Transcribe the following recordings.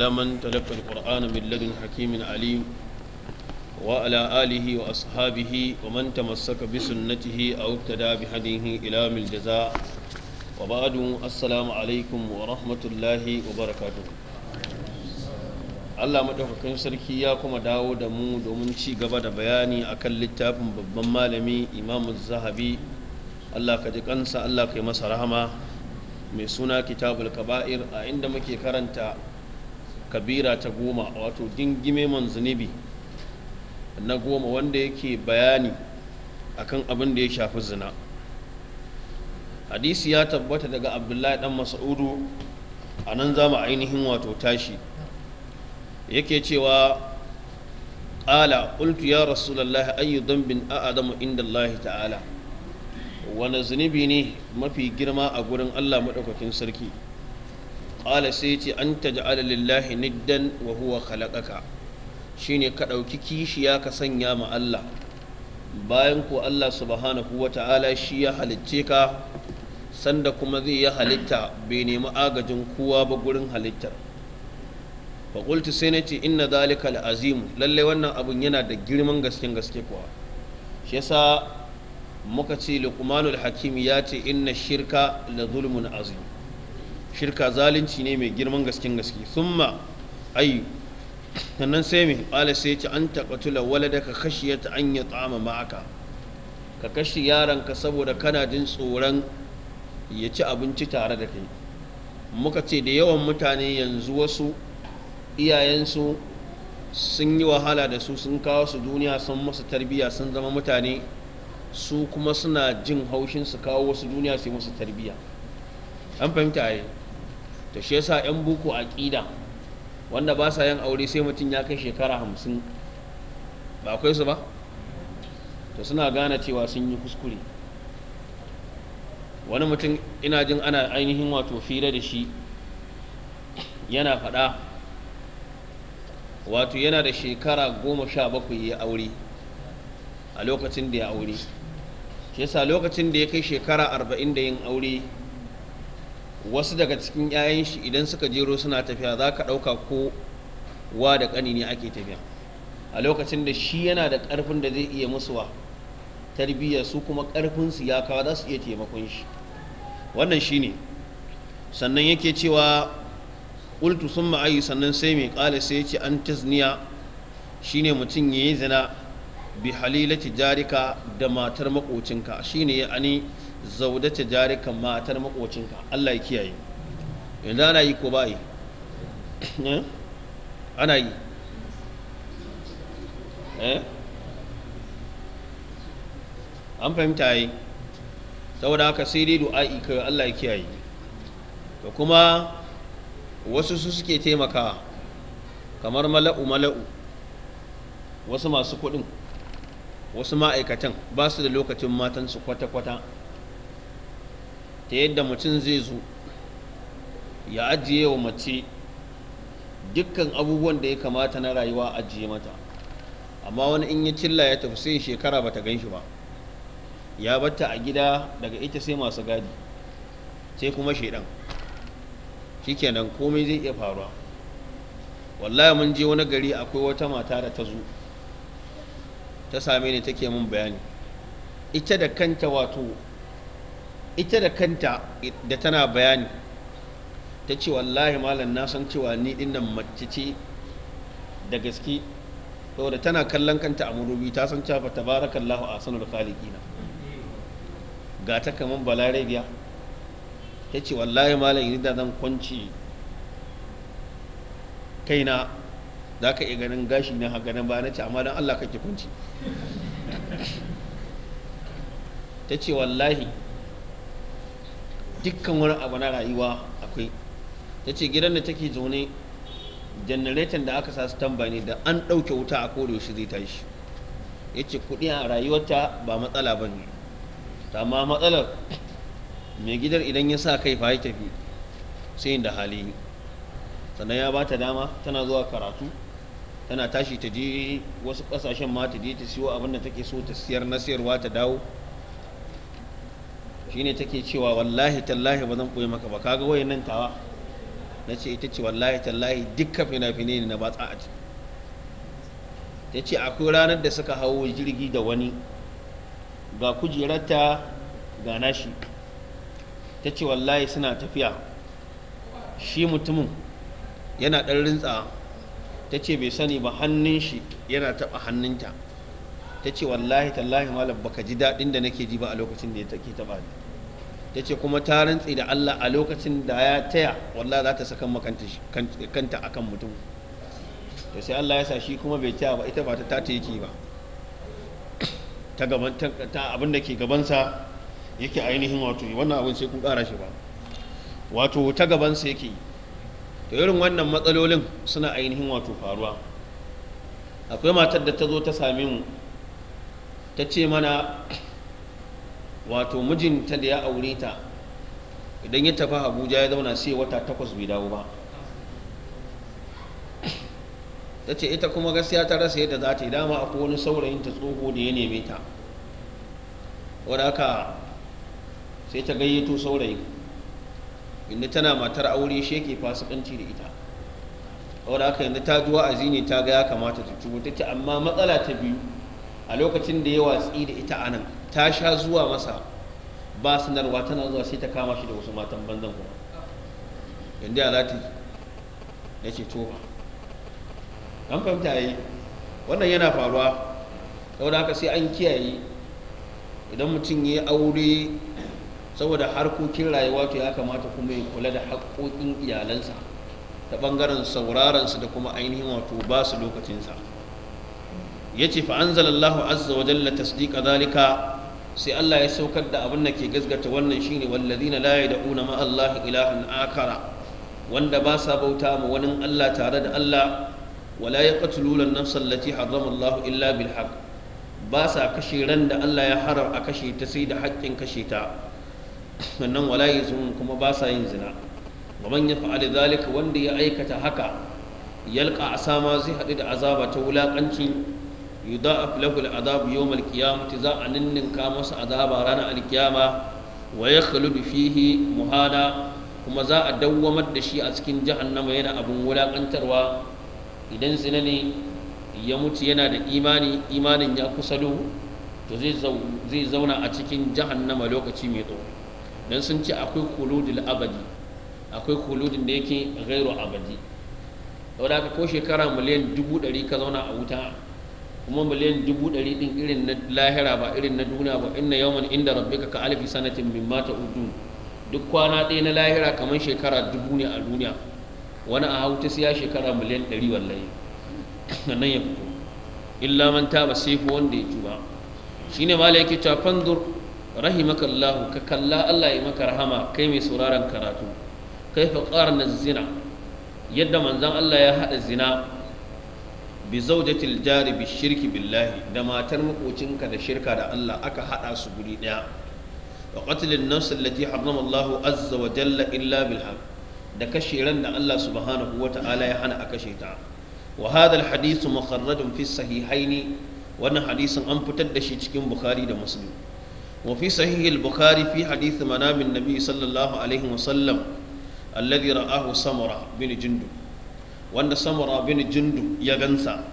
على من تلقى القرآن من لدن حكيم عليم وعلى آله وأصحابه ومن تمسك بسنته أو ابتدى بهديه إلى من الجزاء وبعد السلام عليكم ورحمة الله وبركاته Allah madaukakin sarki ya kuma dawo da mu domin ci gaba da bayani akan littafin babban malami Imam Zahabi Allah ka ji kansa Allah ka yi masa rahama mai suna Kitabul Kaba'ir a inda muke karanta kabira ta goma wato dingime man zunubi na goma wanda yake bayani akan abin da ya shafi zina hadisi ya tabbata daga abdullahi dan mas'udu a nan za mu ainihin wato tashi yake cewa ƙala ƙultu ya rasulallah ayyu dambin a'adamu inda Allah ta'ala wani zunubi ne mafi girma a gurin Allah maɗaukakin sarki qala sai ce an taj'ala lillahi niddan wa huwa khalaqaka shine ka ɗauki kishiya ka sanya ma Allah bayan ko Allah subhanahu wa ta'ala shi ya halicce ka sanda kuma zai ya halitta bai nemi agajin kowa ba gurin halittar faƙultu sai na ce inna zalika azimu lallai wannan abun yana da girman gasken gaske kuwa shi yasa muka ce luqmanul hakim ya ce inna shirka la zulmun azim shirka zalunci ne mai girman gaskin gaske thumma ayyu sannan sai mai ƙwale sai ce an taƙatula wala da ka kashi ya an ya tsama ma'aka ka kashe yaranka saboda kana jin tsoron ya ci abinci tare da kai muka ce da yawan mutane yanzu wasu iyayensu sun yi wahala da su sun kawo su duniya sun musu tarbiyya sun zama mutane su kuma suna jin haushin su kawo wasu duniya su yi musu tarbiyya an fahimta a ta shi yasa yan buku a kida wanda ba sa yin aure sai mutum ya kai shekara hamsin ba akwai su ba to suna gane cewa sun yi kuskure wani mutum ina jin ana ainihin wato fira da shi yana faɗa wato yana da shekara goma sha bakwai ya aure a lokacin da ya aure shi yasa lokacin da ya kai shekara arba'in da yin aure wasu daga cikin 'ya'yan shi idan suka jero suna tafiya za ka ɗauka ko wa da ƙani ne ake tafiya a lokacin da shi yana da ƙarfin da zai iya musuwa tarbiyyar su kuma ƙarfinsu ya kawo za su iya taimakon shi wannan shi ne sannan yake cewa ƙultu sun ma'ayi sannan sai mai ƙala sai ya ce an tazniya shi ne mutum ya yi zina bi halilati jarika da matar maƙocinka shi ne ya ani zaudace jarikan matar makocinka Allah ya kiyaye yanzu ana yi ko ba yi eh? ana yi eh? an fahimta yi saboda haka sai dai du'a'i kai Allah ya kiyaye da kuma wasu su suke taimaka kamar mala'u mala'u wasu masu kuɗin wasu ma'aikatan ba su da lokacin matansu kwata-kwata ta yadda mutum zai zo ya ajiye wa mace dukkan abubuwan da ya kamata na rayuwa ajiye mata amma wani in ya cilla ya tafi sai shekara ba ta gan shi ba ya batta a gida daga ita sai masu gadi sai kuma shaidan shikenan komai zai iya faruwa wallahi mun je wani gari akwai wata mata da ta zo ta same ni take mun bayani ita da kanta wato ita da kanta da tana bayani ta ce wallahi malam na san cewa ni dinnan mace ce da gaske saboda tana kallon kanta a murubi ta san cewa a sanar khaliqina ga ta kaman balarabiya ta ce wallahi malam idan da zan kwanci kaina za ka iya ganin gashi na haka ba na ce amma don Allah kake kwanci ta ce wallahi dukkan wani abu na rayuwa akwai ta ce gidan da take zaune janareton da aka sa su ne da an ɗauke wuta a shi zai tashi ya ce kuɗi a rayuwarta ba matsala ba ne amma matsalar mai gidan idan ya sa kai fa tafi sai da hali sannan ya ba ta dama tana zuwa karatu tana tashi ta je wasu ƙasashen ma ta je ta siyo abin da take so ta siyar na siyarwa ta dawo shine take cewa wallahi tallahi ba zan koyi maka ba kaga wayan nan tawa na ce ita ce wallahi tallahi dukkan fina-finai ne na batsa a ciki ta ce akwai ranar da suka hawo jirgi da wani ga kujerarta ga nashi ta ce wallahi suna tafiya shi mutumin yana ɗan rintsa ta ce bai sani ba hannun shi yana taɓa hannunta ta ce wallahi tallahi malam baka ji daɗin da nake ji ba a lokacin da ya take taɓa ni ta ce kuma ta rantse da Allah a lokacin da ya taya walla za ta saka kanta akan mutum da sai Allah ya sa shi kuma bai taya ba ita ba ta tata yake ba ta gaban ta abinda ke gabansa yake ainihin wato wannan abin sai kun kara shi ba wato ta gabansa yake da irin wannan matsalolin suna ainihin wato faruwa akwai matar da ta zo ta same mu ta ce mana wato mijinta da ya aure ta idan ya tafi abuja ya zauna sai wata takwas bai dawo ba ta ce ita kuma gaskiya ta rasa yadda za ta yi dama akwai wani saurayin ta tsoho da ya neme ta wadda haka sai ta gayyato saurayin inda tana matar aure shi yake fasikanci da ita wadda haka yanzu ta zuwa a zini ta ga ya kamata ta ciwo ce amma matsala ta biyu a lokacin da ya watsi da ita a nan ta sha zuwa masa ba sanarwa tana zuwa sai ta kama shi da wasu matan banzan kuma yadda alati ya ce to an fahimta yi wannan yana faruwa saboda haka sai an kiyaye idan mutum ya yi aure saboda harkokin rayuwa to ya kamata kuma ya kula da haƙoƙin iyalansa ta ɓangaren saurarensu da kuma ainihin wato ba su lokacinsa ya ce zalallahu azza wa jalla tasdiqa zalika sai Allah ya saukar da abin da ke gazgata wannan shine walladina la yad'una ma Allah ilahan akara wanda ba sa bauta ma wani Allah tare da Allah wala yaqtuluna an-nafsa allati harrama Allah illa bil haqq ba sa kashe ran da Allah ya haram a kashe ta sai da haƙƙin kashe ta sannan wala yazun kuma ba sa yin zina waman yaf'al zalika wanda ya aikata haka yalqa asama zai haɗu da azaba ta wulaƙanci yuda lahu al'adab yawm al-qiyamati za a ninninka masa azaba ranar al-qiyama wa yakhludu fihi muhana kuma za a dawwamar da shi a cikin jahannama yana abun wulakantarwa idan zina ya mutu yana da imani imanin ya kusa to zai zauna a cikin jahannama lokaci mai tsawo dan sun ce akwai kuludul abadi akwai kuludin da yake gairu abadi saboda ko shekara miliyan dubu ɗari ka zauna a wuta kuma miliyan dubu ɗari ɗin irin na lahira ba irin na duniya ba inna yawman inda rabbika ka alfi sanatin min mata udu duk kwana ɗaya na lahira kamar shekara dubu ne a duniya wani a hauta siya shekara miliyan ɗari wallahi nan ya fito illa man taba sai wanda ya tuba shine mala yake cewa fandur rahimaka Allah ka kalla Allah ya maka rahama kai mai sauraron karatu kai fa qarna zina yadda manzon Allah ya hada zina bi zawjatil jari bi shirki billahi da matar makocinka da shirka da Allah aka hada su guri daya wa qatlin nafs allati harrama Allah azza wa jalla illa bil haqq da kashe ran da Allah subhanahu wa ta'ala ya hana a kashe ta wa hadha al hadith mukharrajun fi sahihaini wannan hadisin an fitar da shi cikin bukhari da muslim wa fi sahih al bukhari fi hadith manamin nabi sallallahu alaihi wa sallam alladhi ra'ahu samura bin jundub wanda samura bin jindu ya gansa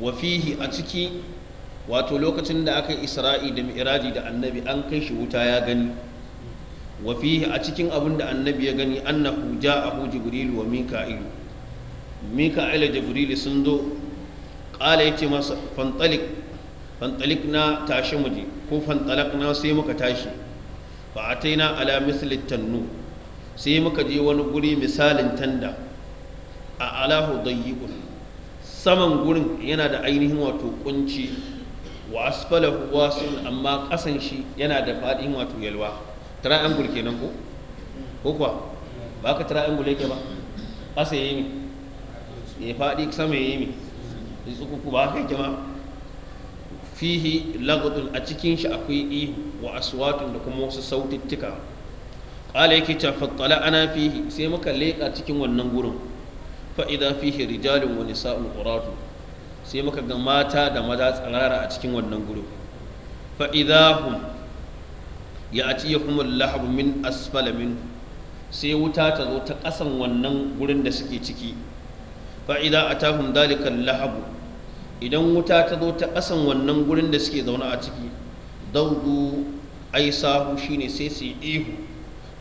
wa fihi a ciki wato lokacin da aka yi isra'i da mi'raji da annabi an kai shi wuta ya gani wa fihi a cikin abin da annabi ya gani annahu ja'ahu jibril wa mika'il mika'il da jibril sun zo qala yace masa fantalik na tashi muje ko fantalak na sai muka tashi fa ataina ala misli tannu sai muka je wani guri misalin tanda a alahu dayyibun saman gurin yana da ainihin wato kunci wa asfalahu wasin amma kasan shi yana da fadin wato yalwa triangle kenan ko ko kwa ba ka triangle yake ba kasa yayi mi ya fadi sama yayi mi ku ba ka yake ma fihi lagatun a cikin shi akwai ihu wa aswatun da kuma wasu sautittika. qala yake ta fattala ana fihi sai muka leka cikin wannan gurin fa'ida fihi rijalun wani nisa'un ƙur'atu sai muka ga mata da maza tsirara a cikin wannan gurin fa'ida hum ya atiyahum kuma lahabu min asfala min sai wuta ta zo ta ƙasan wannan gurin da suke ciki fa'ida a tahun dalikan lahabu idan wuta ta zo ta ƙasan wannan gurin da suke zaune a ciki daudu aisahu shine sai su ihu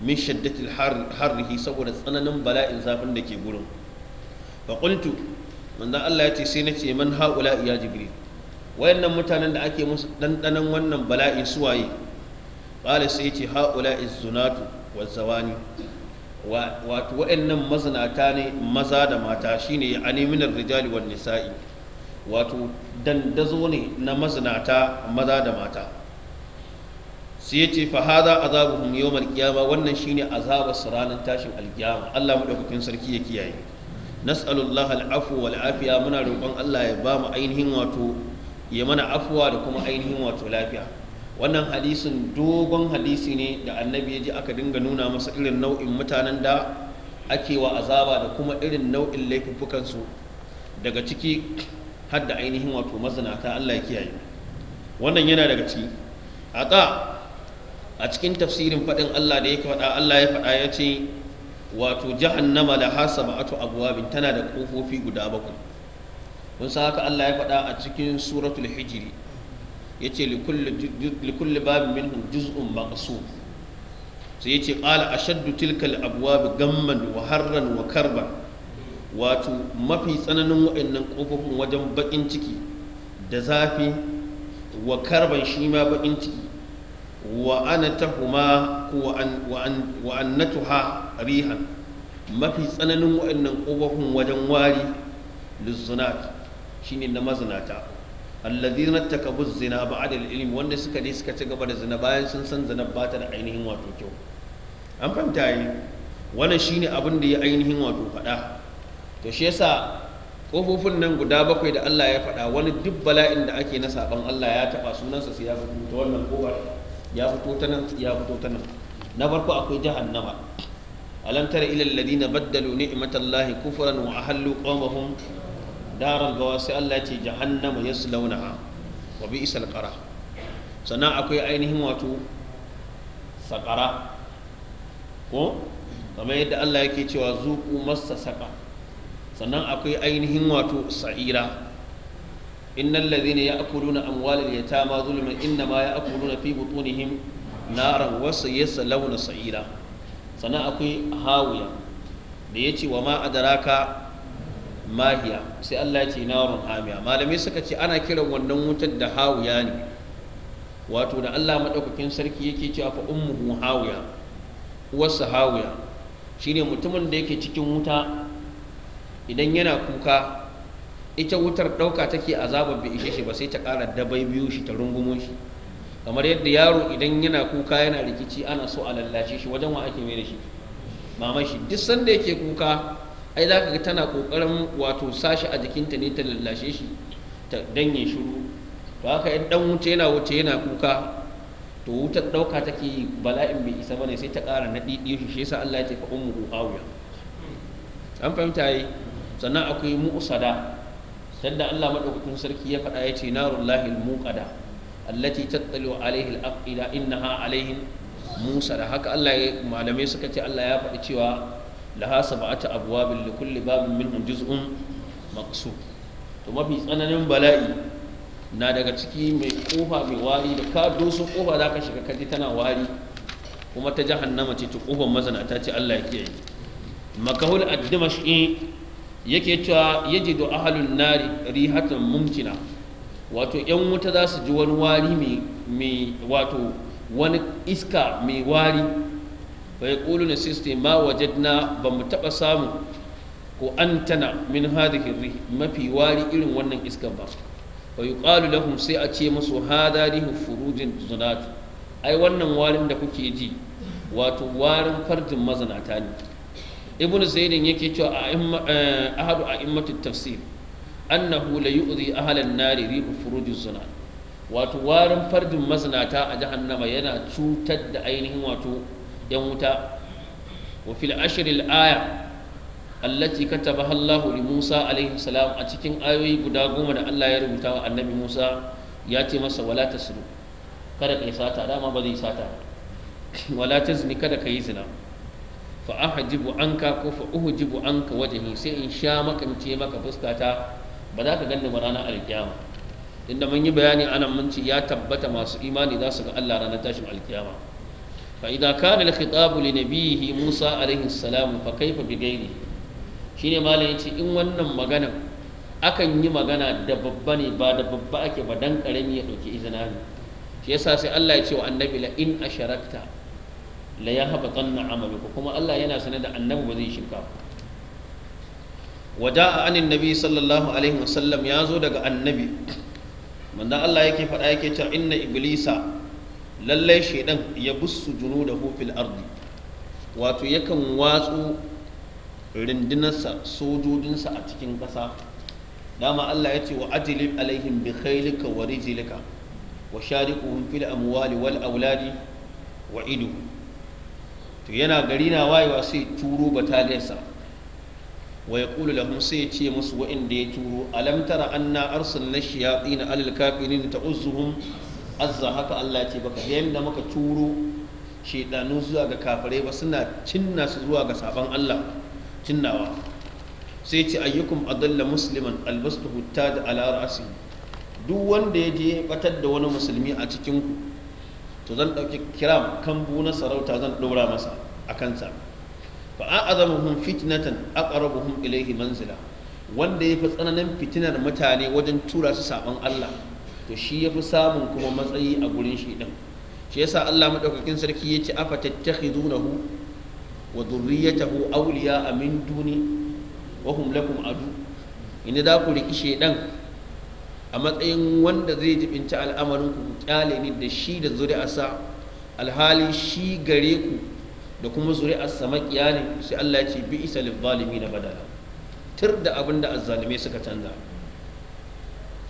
min shaddatil harrihi saboda tsananin bala'in zafin da ke gurin fa qultu Allah ya ce sai nace man haƙula ya jibril wayannan mutanen da ake musu ɗanɗanan wannan bala'i suwaye qala sai ce zunatu izzunatu wazawani wato wayannan mazinata ne maza da mata shine ani minar rijali wan nisa'i wato dandazo ne na mazinata maza da mata sai ya ce fa hada azabuhum yawmal qiyama wannan shine azabar su ranar tashin alkiyama Allah madaukakin sarki ya kiyaye nas'alullah al'afu wal afiya muna roƙon Allah ya bamu mu ainihin wato ya mana afuwa da kuma ainihin wato lafiya wannan hadisin dogon hadisi ne da annabi ya ji aka dinga nuna masa irin nau'in mutanen da ake wa azaba da kuma irin nau'in su. daga ciki har da ainihin wato mazinata Allah ya kiyaye wannan yana daga ciki a a cikin tafsirin faɗin Allah da ya faɗa Allah ya faɗa ya ce wato jahannama laha sab'atu abwabin tana da kofofi guda bakwai mun san haka Allah ya faɗa a cikin suratul hijri yace li kulli babin minhum juz'un maqsud sai yace qala ashaddu tilka al-abwab gamman wa harran wa karban wato mafi tsananin wa'annan kofofin wajen bakin ciki da zafi wa karban shi ma bakin ciki wa anatahuma wa an wa rihan mafi tsananin wa'annan ƙofofin wajen wari lizzunat ne na mazinata na takabu zina ba al-ilm wanda suka je suka ci gaba da zina bayan sun san zina ba ta da ainihin wato kyau an fahimta yi shi ne abin da ya ainihin wato faɗa to shi yasa ƙofofin nan guda bakwai da Allah ya faɗa wani duk bala'in da ake na saɓan Allah ya taɓa sunansa sai ya fito ta wannan ƙofar ya fito ta nan ya fito ta nan na farko akwai jahannama alam tara ila alladhina baddalu ni'matallahi kufran wa ahallu qawmahum daral bawasi Allah ce jahannama yaslawnaha wa bi'sal qara sannan akwai ainihin wato saƙara ko kamar yadda Allah yake cewa zuku masa saƙa sannan akwai ainihin wato sa'ira innal ladhina ya'kuluna amwalal yatama zulman inna ma ya'kuluna fi butunihim naran wa sayaslawna sa'ira sannan akwai hawiya da ya ce wa ma mahiya sai Allah ya ce narun hamiya malamai suka ce ana kiran wannan wutar da hawiya ne wato da Allah maɗaukakin sarki yake cewa fa ummuhu hawiya uwarsa hawiya shine mutumin da yake cikin wuta idan yana kuka ita wutar ɗauka take azabar bai ishe shi ba sai ta ƙara dabai biyu shi ta rungumo shi kamar yadda yaro idan yana kuka yana rikici ana so a lallace shi wajen wa ake mai da shi maman duk sanda yake kuka ai za ka ga tana kokarin wato sashi a jikinta ne ta lallace shi ta danye shiru to haka idan dan wuce yana wuce yana kuka to wutar dauka take bala'in bai isa bane sai ta ƙara na ɗiɗiyo shi shi yasa Allah ya tafi ummu awiya an fahimta yi sannan akwai mu'usada sanda Allah madaukakin sarki ya faɗa ya ce narullahi al-muqada allati tattalu alaihi al-afila innaha alaihim musa da haka Allah malamai suka ce Allah ya faɗi cewa laha sab'atu abwabin li kulli babin minhum juz'un maqsud to tsananin bala'i na daga ciki mai kofa mai wari da ka doso kofa zaka shiga kaji tana wari kuma ta jahannama ce ta kofar mazinata ce Allah ya kiyaye makahul ad-dimashqi yake cewa yajidu ahlun nari rihatan mumkina wato yan wuta za su ji wani wari mai wato wani iska mai wari bai kulu na siste ma wajadna ba mu taɓa samu ko an tana min hadhihi hirri mafi wari irin wannan iska ba wa yuqalu lahum sai a ce musu hadarihu furujin zinatu ai wannan warin da kuke ji wato warin farjin mazanata ne ibnu zaidin yake cewa a eh, ahadu a tafsir annahu la yu'zi ahlan nari ribu furujuz zina wato warin farjin mazinata a jahannama yana cutar da ainihin wato yan wuta wa fil aya allati katabaha Allahu li Musa alaihi salam a cikin ayoyi guda goma da Allah ya rubuta wa annabi Musa ya ce masa wala tasru kada kai sata dama ba zai sata wala tazni kada kai zina fa ahjibu anka ko fa uhjibu anka ne sai in sha makance maka fuskata ba za ka ganni ba ranar alkiyama inda mun yi bayani anan mun ce ya tabbata masu imani za su ga Allah ranar tashin alkiyama fa idza kana al li nabiyhi Musa alaihi salam fa kaifa bi ghairi shine malam yace in wannan magana akan yi magana da babba ne ba da babba ake ba dan karami ya dauki izina ne shi yasa sai Allah ya ce wa annabi la in asharakta la yahbatanna amaluka kuma Allah yana sanar da annabi ba zai shirka ba waja anin nabi sallallahu alaihi wasallam ya zo daga annabi manzon Allah yake faɗa yake cewa inna iblisa lallai shaidan ya bussu da fil ardi wato yakan watsu rindinarsa sojojinsa a cikin ƙasa dama Allah ya ce wa ajilib alaihim bi khailika wa rijlika wa shariquhum fil amwali wal auladi wa ido. to yana gari na wayewa sai turo bataliyarsa wa yaqulu lahum sai ya ce musu wa'inda ya turo alam tara anna arsalna shayatin alal ta ta'uzuhum azza haka Allah ce baka da yanda muka turo shedanu zuwa ga kafare ba suna cinna su zuwa ga sabon Allah cinnawa sai ce ayyukum adalla musliman albastuhu hutta da ra'si duk wanda ya je batar da wani musulmi a cikin to zan dauki kiram kambu na sarauta zan ɗora masa a kansa fa a'azamuhum fitnatan aqrabuhum ilayhi manzila wanda yafi tsananin fitinar mutane wajen tura su saban Allah to shi yafi samun kuma matsayi a gurin shi din shi yasa Allah madaukakin sarki yace afa tattakhidunahu wa dhurriyyatahu awliya amin duni wa hum lakum adu inda da ku riki shedan a matsayin wanda zai jibinta al'amarin ku kyale ni da shi da sa, alhali shi gare ku da kuma zuri'ar samakiya ne sai Allah ya ce bi isa lizalimi na badala tir da abin da azzalimai suka canza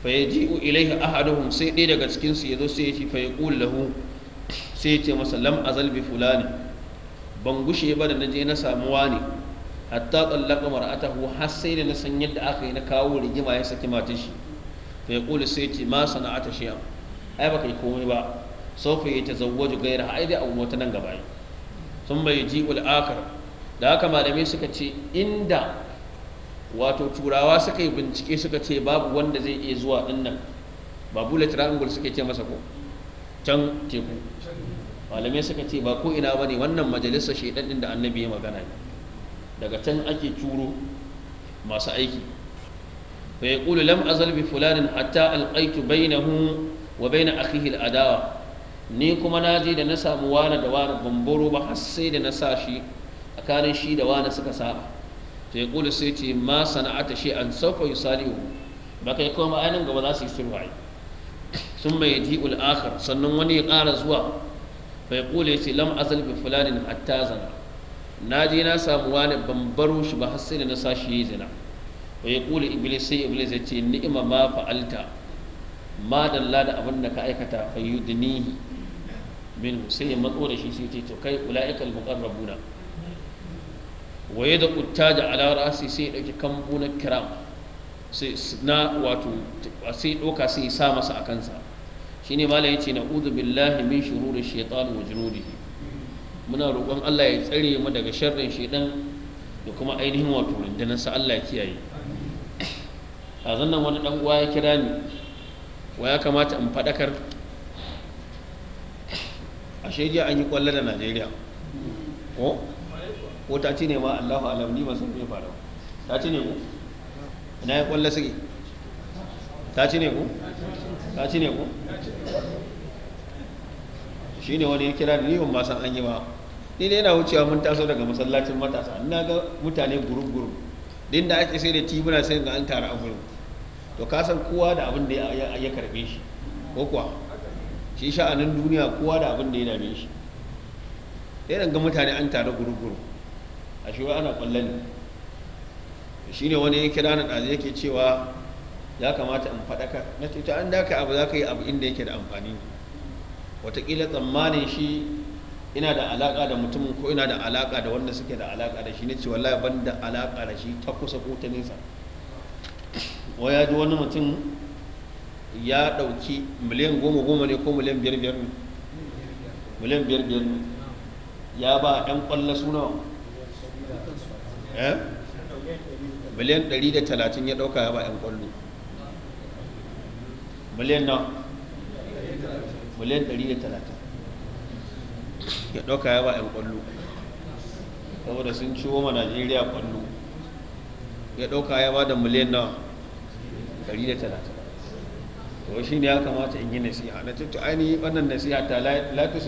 fa yaji'u ilaihi ahaduhum sai ɗaya daga cikin su yazo sai ya ce fa yaqul lahu sai ya ce masa lam azal bi fulani ban gushe ba da naje na samu wani hatta tsallaka mar'atahu har sai da na san yadda aka yi na kawo rigima ya saki matar shi fa yaqulu sai ce ma sana'ata shay'an ai baka yi komai ba sau fa yatazawwaju ghayra ai dai abu wata nan gaba yi sun bai ji ul'akar da haka malamai suka ce inda wato turawa suka yi bincike suka ce babu wanda zai iya zuwa dinnan babu bullet triangle suke ce masa ko can teku malamai suka ce ba ko ina ba ne wannan majalisa shaidan din da annabi ya magana ne daga can ake turo masu aiki fa yaqulu lam azal bi fulanin hatta alqaitu bainahu wa bain akhihi aladawa ni kuma na je da na samu wani da wani bambaro ba har sai da na sa shi tsakanin shi da wani suka saba to ya kula sai ce ma sana'ata shi an saukwa yi salihu ba kai kuma ainihin gaba za su yi sulwaye sun mai ji ul'akar, sannan wani ya ƙara zuwa bai kula ya ce lam azal bi fulanin hatta zana na je na samu wani bambaro shi ba har sai da na sa shi yi zina bai kula iblis sai iblis ya ce ni'ima ma fa'alta ma dalla da abin da ka aikata fayyudinihi min sai ya matso da shi sai ce to kai ula'ikal muqarrabuna wa yada uttaja ala ra'si sai ya dauki kambu na kiram sai na wato sai doka sai ya sa masa akan sa shine malam yace na'udhu billahi min shururi shaitan wa junudihi muna roƙon Allah ya tsare mu daga sharrin shaitan da kuma ainihin wato rundunar sa Allah ya kiyaye a zannan wani dan uwa ya kira ni wa ya kamata in fadakar a shaidiya an yi kwallo da najeriya ko ko ta ci ne ma allahu alam ni ba san fara faru ta ci ne ku ina ya kwallo suke ta ci ne ku ta ci ne ku shi ne wani ya kira da niyon masan an yi ba ni ne yana wucewa mun taso daga masallacin matasa ina ga mutane gurub-gurub din da ake sai da tibuna sai ga an tara a gurin to ka san kowa da abin da ya karbe shi ko kuwa shi sha'anin duniya kowa da abin da ya dame shi ɗaya ga mutane an tare guruguru a shi ana ƙwallo ne shi ne wani ya kira na ɗazi yake cewa ya kamata in faɗaka na ce ta an daka abu za ka yi abu inda yake da amfani watakila tsammanin shi ina da alaƙa da mutumin ko ina da alaƙa da wanda suke da alaƙa da shi ne ce wallahi ban da alaƙa da shi ta kusa ko ta nisa. wa ya ji wani mutum ya ɗauki miliyan goma goma ne ko miliyan biyar biyar ne miliyan biyar biyar ne ya ba 'yan ƙwallo suna eh? miliyan ɗari da talatin ya ɗauka ya ba 'yan ƙwallo miliyan na miliyan ɗari da talatin ya ɗauka ya ba 'yan ƙwallo saboda sun ciwo ma najeriya ƙwallo ya ɗauka ya ba da miliyan na ɗari da talatin to shi ne ya kamata in yi nasiha na tattu ainihin wannan nasiha ta la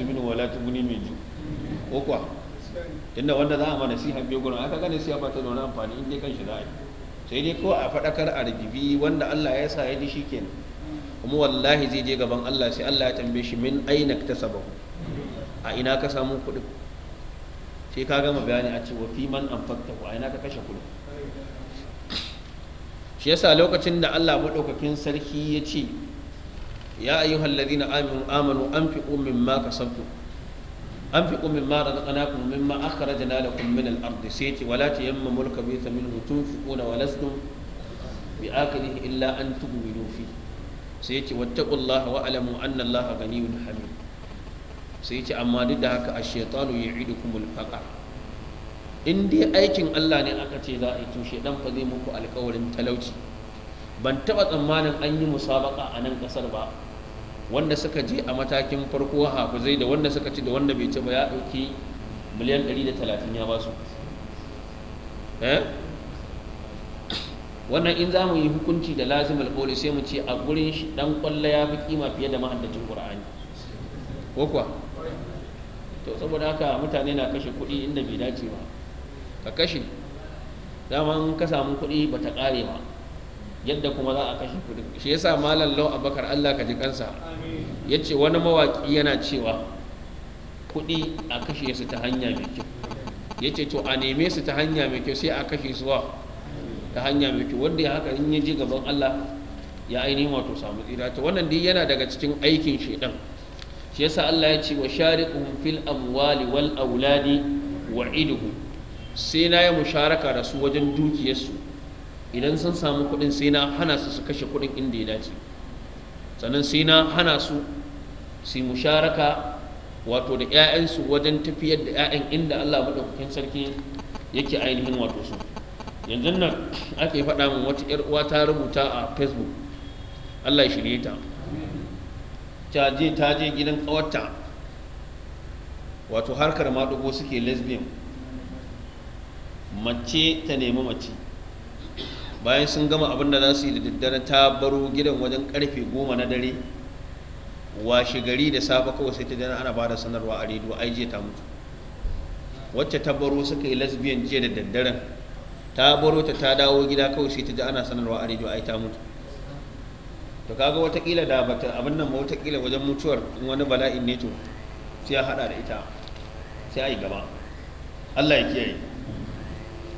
minu wa la ta guni mai ju ko kuwa inda wanda za a ma nasiha biyu gudun aka ga nasiha ba ta da wani amfani in dai kan shi za a yi sai dai ko a faɗakar a rigibi wanda Allah ya sa ya ji shi kenan kuma wallahi zai je gaban Allah sai Allah ya tambaye shi min aina ta sababu a ina ka samu kuɗin sai ka gama bayani a cewa fi man amfakta a ina ka kashe kuɗin shi yasa lokacin da Allah madaukakin sarki ya ce ya ayyuhal ladina amanu amanu anfiqu mimma kasabtum anfiqu mimma razaqnakum mimma akhrajna lakum min al-ardi sayti wala tayammamu al-khabitha minhu tunfiquna wa lastum bi'akilihi illa an tugmidu fi sai yace wattaqullaha wa alamu anna allaha ghaniyyun hamid sai yace amma duk da haka ash-shaytanu ya'idukum al-faqr in dai aikin Allah ne aka ce za a yi tushe dan fa zai muku alƙawarin talauci ban taɓa tsammanin an yi musabaka a nan ƙasar ba wanda suka je a matakin farko hafizai da wanda suka ci da wanda bai ci ba ya ɗauki miliyan 130 ya ba su eh? wannan in za mu yi hukunci da lazim alƙawli sai mu ce a gurin shi dan kwallo ya fi kima fiye da mahaddacin qur'ani ko kuwa to saboda haka mutane na kashe kuɗi inda bai dace ba ka kashe dama in ka samu kuɗi ba ta ƙare ba yadda kuma za a kashe kudin shi yasa malam lau abakar Allah ka ji kansa ya ce wani mawaki yana cewa kudi a kashe su ta hanya mai kyau ya ce to a neme su ta hanya mai kyau sai a kashe su wa ta hanya mai kyau wanda ya haka in ya ji gaban Allah ya ainihin wato samu tsira to wannan dai yana daga cikin aikin shedan shi yasa Allah ya ce wa shariquhum fil amwali wal auladi wa iduhu sai na yi musharaka da su wajen dukiyarsu idan sun samu kuɗin sai na hana su su kashe kuɗin inda ya dace sannan sai na hana su su musharaka wato da 'ya'yansu wajen tafiyar da 'ya'yan inda Allah madaukakin sarki yake ainihin wato su yanzu nan ake faɗa min wata 'yar uwa ta rubuta a facebook Allah ya shirye ta ta je ta je gidan ƙawarta wato harkar maɗugo suke lesbian mace ta nemi mace bayan sun gama abin da za su yi da daddare ta baro gidan wajen karfe goma na dare washe gari da safe kawai sai ta dana ana ba da sanarwa a rediyo ai jiya ta mutu wacce ta baro suka yi lesbian jiya da daddaren ta baro ta ta dawo gida kawai sai ta ji ana sanarwa a rediyo ai ta mutu to kaga watakila da bata abin nan ba watakila wajen mutuwar in wani bala'in ne to sai ya hada da ita sai a yi gaba Allah ya kiyaye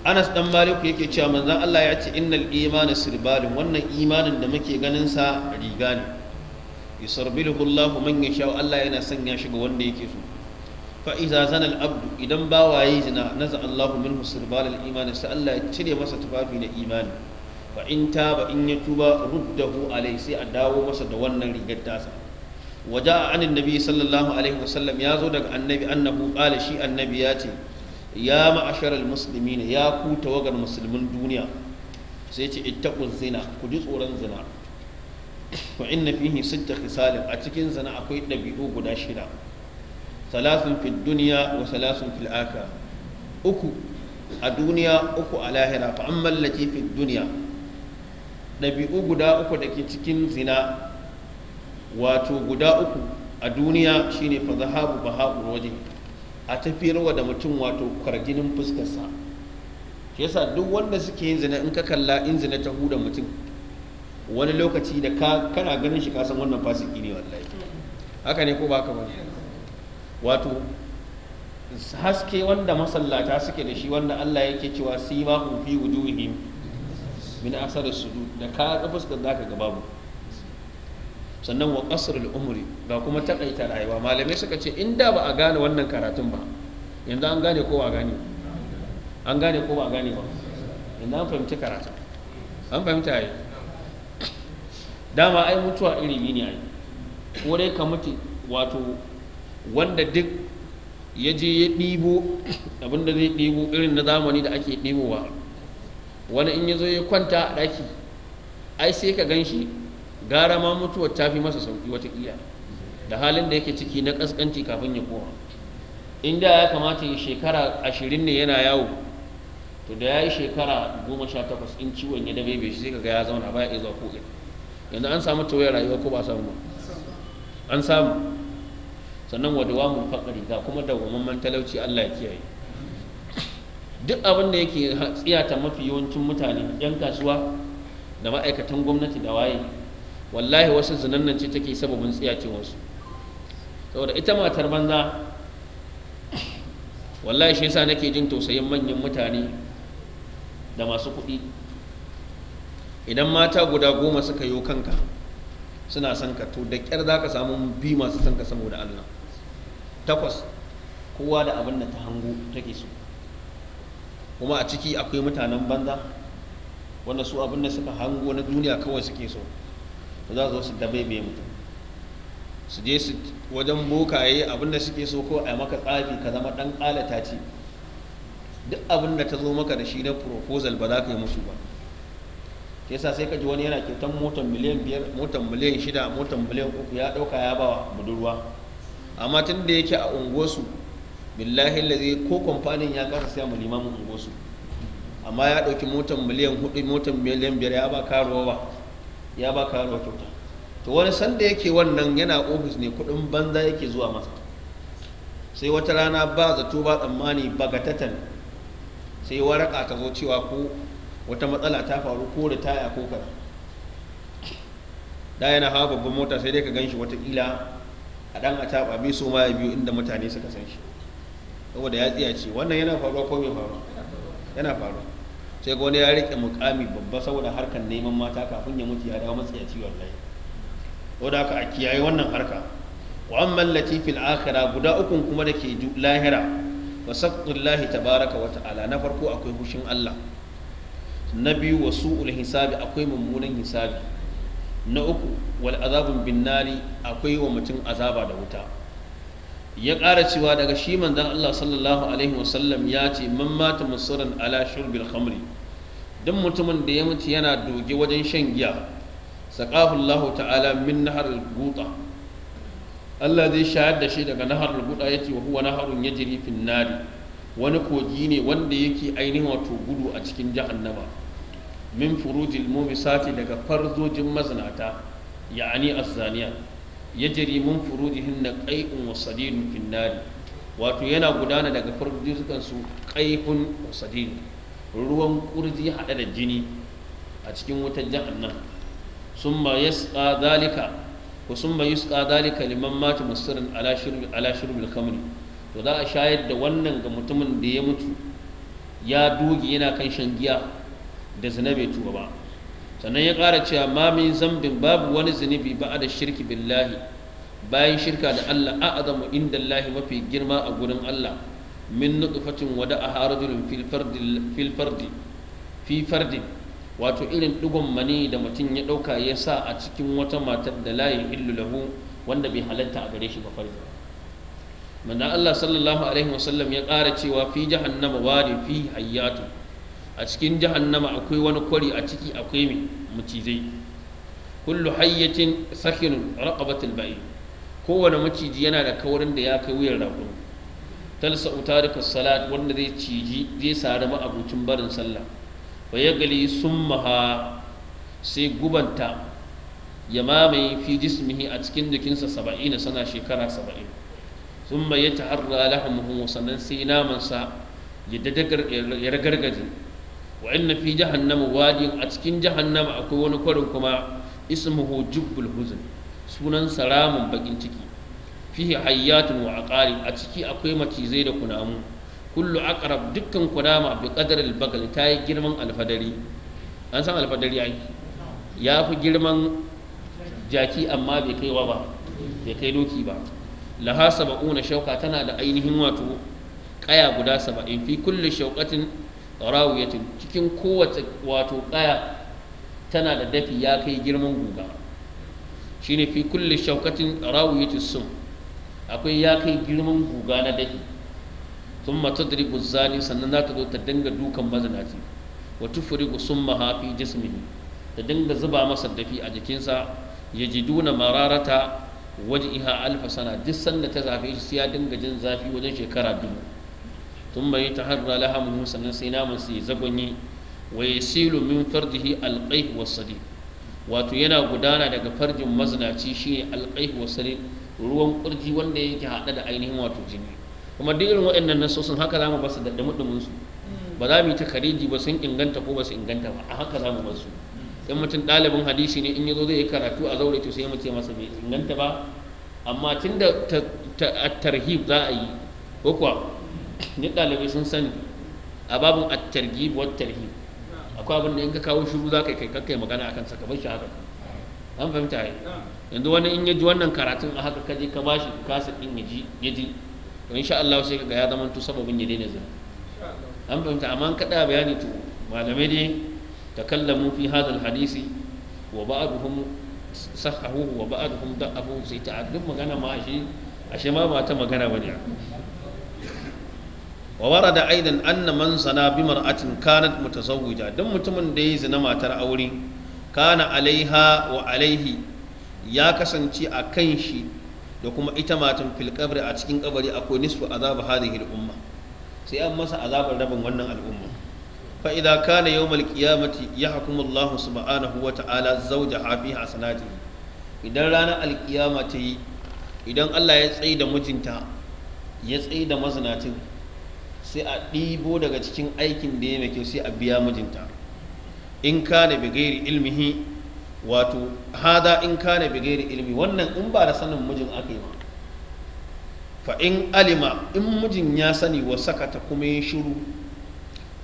anas dan maliku yake cewa manzon Allah ya ce innal imana sirbalun wannan imanin da muke ganin sa riga ne yusarbiluhu Allah man yasha Allah yana sanya shi ga wanda yake so fa idza zana abdu idan bawaye zina naza Allah minhu sirbal imani iman sai Allah ya cire masa tufafi na imani fa in taba in ya tuba ruddahu alai sai a dawo masa da wannan rigar tasa a an annabi sallallahu alaihi wasallam ya zo daga annabi annahu qala shi annabi ya ce ya ma'asharal musulmi ne ya ku tawagar musulmin duniya sai ce ittaqun zina ku ji tsoron zina wa inna fihi sitta khisalin a cikin zina akwai dabi'u guda shida salasun fil duniya wa salasun fil akhirah uku a duniya uku a lahira fa amma allati fid duniya Dabi'u guda uku da cikin zina wato guda uku a duniya shine fa zahabu bahabu wajhi a tafiyar wa da mutum wato kwarjinin fuskarsa shi yasa duk wanda suke yin zina in ka kalla in zina ta huda mutum wani lokaci da ka kana ganin shi kasan wannan fasiki ne wallahi haka ne ko ba ka ba wato haske wanda masallata suke da shi wanda Allah yake cewa sima hum fi wujuhihim min asar sujud da ka fuskar zaka ga babu sannan wa kasar umri ga kuma takaita rayuwa malamai suka ce in da ba a gane wannan karatun ba yanzu an gane ko ba gane an gane ko ba gane ba yanzu an fahimci karatun an fahimta yi dama ai mutuwa iri biyu ne ai ko dai ka mutu wato wanda duk ya je ya ɗibo abinda zai ɗibo irin na zamani da ake ɗibowa wani in ya zo ya kwanta a ɗaki ai sai ka gan shi gara ma mutuwar ta fi masa sauki wata iya da halin da yake ciki na kaskanci kafin ya koma inda ya kamata yi shekara ashirin ne yana yawo to da ya yi shekara goma sha takwas in ciwon ya dabe bai shi sai kaga ya zauna baya iya zuwa ko yanzu an samu tawayar rayuwa ko ba samu ba an samu sannan wadawa mun faɗari ga kuma da dawwamamman talauci Allah ya kiyaye duk abin da yake tsiyata mafi yawancin mutane yan kasuwa da ma'aikatan gwamnati da waye wallahi wasu zinannan ce take sababin tsiyacewarsu saboda ita matar banza wallahi shi yasa nake jin tausayin manyan mutane da masu kuɗi idan mata guda goma suka yi kanka suna son ka to da ƙyar za ka samu bi masu son ka saboda allah takwas kowa da abin da ta hango take so kuma a ciki akwai mutanen banza wanda su abin da suka hango na duniya kawai suke so za su su mai mutum su je su wajen bokaye abinda suke so ko a maka tsafi ka zama dan kalata ce duk abinda ta zo maka da shi na proposal ba za ka yi musu ba ke sa sai ka ji wani yana kyautan motan miliyan biyar motan miliyan shida motan miliyan uku ya dauka ya bawa budurwa amma tun da yake a unguwarsu billahi lazi ko kamfanin ya kasa siya mu limamin unguwarsu amma ya dauki motan miliyan hudu motan miliyan biyar ya ba karuwa ba ya ba ka yaro kyauta to wani sanda yake wannan yana ofis ne kudin banza yake zuwa masa sai wata rana ba zato ba tsammani ba bagatatan sai waraka ta zo cewa ko wata matsala ta faru ko da taya ko kaza da yana hawa babban mota sai dai ka ganshi watakila a dan ataba bi so ma ya biyo inda mutane suka san shi saboda ya tsiya wannan yana faruwa ko bai faru? yana faruwa sai ga wani ya rike mukami babba saboda harkar neman mata kafin ya mutu ya dawo ciwon wallahi saboda haka a kiyaye wannan harka wa amma allati fil guda ukun kuma da ke lahira wa sabtullahi tabaraka wa ta'ala na farko akwai hushin Allah na biyu wa su'ul hisabi akwai mummunan hisabi na uku wal azabun bin nari akwai wa mutum azaba da wuta ya ƙara cewa daga shi manzon Allah sallallahu alaihi wasallam ya ce man mata ala shurbil khamri duk mutumin da ya mutu yana doge wajen shan giya saƙahullahu ta'ala min nahar guta Allah zai shayar da shi daga nahar guta yace wa huwa naharun yajri fin nari wani kogi ne wanda yake ainihin wato gudu a cikin jahannama min furujil mumisati daga farzojin mazinata ya'ani azzaniya yajri min furujihin na qai'un wa sadidun fin nari wato yana gudana daga farjin su qaifun wa sadidun ruwan kurji haɗe da jini a cikin wutar jihar nan yasqa dalika ko summa yusqa liman mata musirin ala shurbil to za a shayar da wannan ga mutumin da ya mutu ya doge yana kan shan giya da zina bai tuba ba sannan ya ƙara cewa ma zambin babu wani zunubi ba da shirki billahi bayan shirka da Allah azamu inda Allah mafi girma a gurin Allah min nutfatin wada a rajulun fil fi fardi wato irin digon mani da mutum ya dauka ya sa a cikin wata matar da layi illu lahu wanda bai halatta a gare shi ba fardi manzon Allah sallallahu alaihi wasallam ya ƙara cewa fi jahannama wadi fi hayyatu a cikin jahannama akwai wani kwari a ciki akwai mai macizai kullu hayyatin sakhinun raqabatul ba'i kowane maciji yana da kaurin da ya kai wuyan raƙumi talsa utarika salat wanda zai ciji zai sari ma'abucin barin sallah wa ya gali sai gubanta ya mamaye fi jismihi a cikin jikinsa saba'ina sana shekara saba'in sun mai ya taharra lahamuhu sannan sai namansa ya ragargaje wa inna fi jahannama wadin a cikin jahannama akwai wani kwarin kuma ismuhu jubbul huzn sunan saramun bakin ciki fihi hayyatun wa aqari a ciki akwai macizai da kunamu kullu aqrab dukkan kunama bi qadar al bagal ta yi girman alfadari an san alfadari ai ya fi girman jaki amma bai kai wa ba bai kai doki ba laha sab'una shauka tana da ainihin wato kaya guda 70 fi kulli shauqatin rawiyatin cikin kowace wato kaya tana da dafi ya kai girman guga shine fi kulli shauqatin rawiyatin sun. akwai ya kai girman guga na dahi sun mata diribu zani sannan za ta zo ta dinga dukan mazinaci wa tufurigu sun mahafi jismini ta dinga zuba masa dafi a jikinsa ya ji duna mararata waje iha alfa sana duk sanda ta zafi shi ya dinga jin zafi wajen shekara biyu tun bai ta harra lahamun sannan sai naman su zagonyi wa ya silu min fardihi alƙaihu wasali? wato yana gudana daga farjin mazinaci shine alƙaihu wasali. ruwan kurji wanda yake haɗa da ainihin wato jini kuma duk irin waɗannan sun haka za mu basu da dumudumin su ba za mu yi ta kariji ba sun inganta ko ba su inganta ba a haka za mu basu in mutum ɗalibin hadisi ne in yazo zo zai yi karatu a zaure to sai mu ce masa bai inganta ba amma tun da tarhib za a yi ko kuwa ni ɗalibai sun sani a babin at-targhib wa tarhib akwai abin da in ka kawo shiru za ka kai kai magana akan saka bar shi haka an fahimta yi yanzu wani in ya ji wannan karatun a haka kaje ka bashi ka kasa din ya ji ya ji to insha Allah sai kaga ya zama to sababin ya daina zina an fahimta amma ka da bayani to malamai dai takallamu fi hadal hadisi wa ba'dhum sahahu wa ba'dhum da'ahu sai ta duk magana ma shi ashe ma ba ta magana bane wa warada aidan anna man sana bi mar'atin kanat mutazawwija dan mutumin da ya zina matar aure kana alaiha wa alaihi ya kasance a kan shi da kuma ita matan filkabri a cikin kabari akwai nisfu azab hadhihi al-umma sai an masa azabar rabin wannan al'umma fa idza kana yawm al-qiyamati yahkumu Allah subhanahu wa ta'ala zawjaha a hasanatihi idan ranar alƙiyama ta yi idan Allah ya tsayi da mijinta ya tsayi da mazinacin sai a ɗibo daga cikin aikin da ya mai kyau sai a biya mijinta in kane bi gairi ilmihi wato hada in kane bi ilmi wannan in ba da sanin mijin ake ma. fa in alima in mijin ya sani wa sakata kuma ya shiru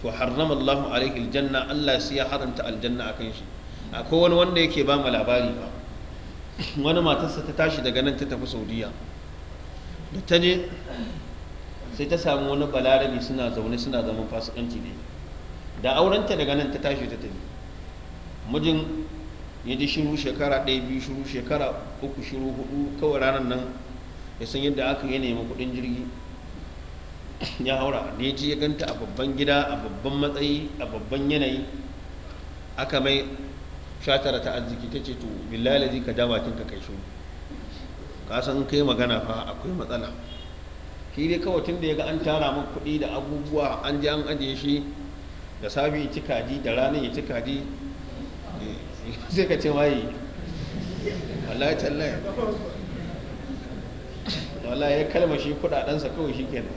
to harrama Allah alaihi aljanna Allah sai ya haranta aljanna akan shi akwai wani wanda yake ba mu labari ba wani matarsa ta tashi daga nan ta tafi Saudiya da ta je sai ta samu wani balarabi suna zaune suna zaman fasikanci ne da aurenta daga nan ta tashi ta tafi mijin ya ji shiru shekara ɗaya biyu shiru shekara uku shiru hudu kawai ranar nan ya san yadda aka yi nema kuɗin jirgi ya haura da ya ji ya ganta a babban gida a babban matsayi a babban yanayi aka mai shatara ta arziki ta ce to billahi zika ka kin ka kai shi ka san kai magana fa akwai matsala shi dai kawai tun da ya ga an tara min kuɗi da abubuwa an ji an ajiye shi da sabi ya ci kaji da rana ya ci kaji sai ka ce waye wallahi tallahi wallahi ya kalma shi kudadensa kawai shi kenan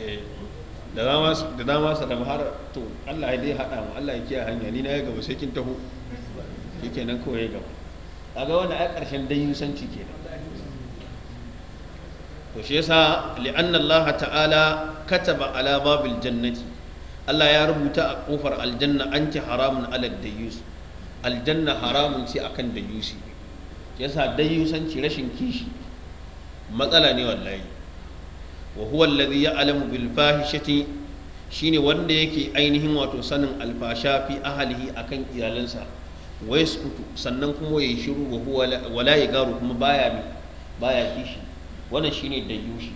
eh, da dama da dama sa da har to Allah ya dai haɗa mu Allah ya kiyaye hanya ni na ya gaba sai kin taho kenan kawai ya gaba A ga kaga a ai karshen dai yusanci kenan to shi yasa li'anna ta'ala kataba ala babil jannati Allah ya rubuta a kofar aljanna an ci haramun alad dayus aljanna haramun ce akan dayusi yasa dayusanci rashin kishi matsala ne wallahi wa huwa alladhi ya'lamu bil fahishati shine wanda yake ainihin wato sanin alfasha fi ahlihi akan iyalansa wa yaskutu sannan kuma yayi shiru wa huwa wala yagaru kuma baya baya kishi wannan shine dayushi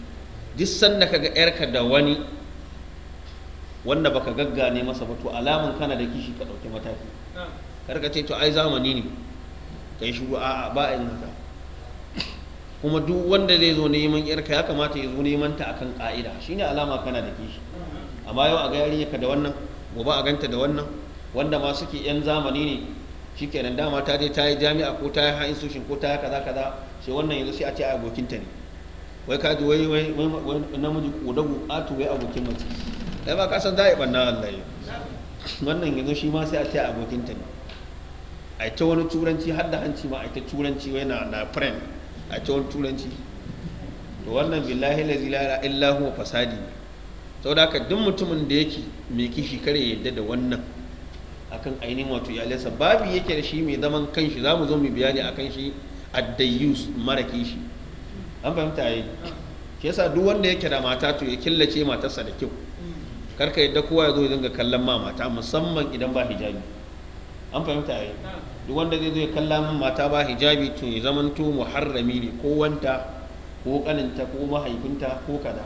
duk sanda kaga yarka da wani wanda baka gaggane masa ba to alaman kana da kishi ka ɗauki mataki karka ce to ai zamani ne ka yi shigo a'a ba in haka kuma duk wanda zai zo neman yarka ya kamata ya zo neman ta akan ka'ida shine alama kana da kishi amma yau a ga yarinyarka da wannan gobe a ganta da wannan wanda ma suke yan zamani ne shikenan dama ta je ta yi jami'a ko ta yi ha'in sushin ko ta yi kaza kaza sai wannan yanzu sai a ce a abokinta ne wai ka ji wai wai namiji kodago atu wai abokin mace kai ba kasan za a yi ɓanna Allah yi wannan yanzu shi ma sai a ce abokin ta ne a ta wani turanci har da hanci ma a ta turanci wai na na friend a ta wani turanci to wannan billahi la ilaha illa huwa fasadi saboda haka duk mutumin da yake mai kishi kare yadda da wannan akan ainihin wato iyalansa babu yake da shi mai zaman kanshi za mu zo mu bayani akan shi addayus mara kishi an fahimta yi shi yasa duk wanda yake da mata to ya killace matarsa da kyau karka yadda kowa ya zo ya dinga kallon ma mata musamman idan ba hijabi an fahimta yi duk wanda zai zo ya kalla min mata ba hijabi to ya zamanto muharrami ne ko wanta ko kaninta ko mahaifinta ko kada.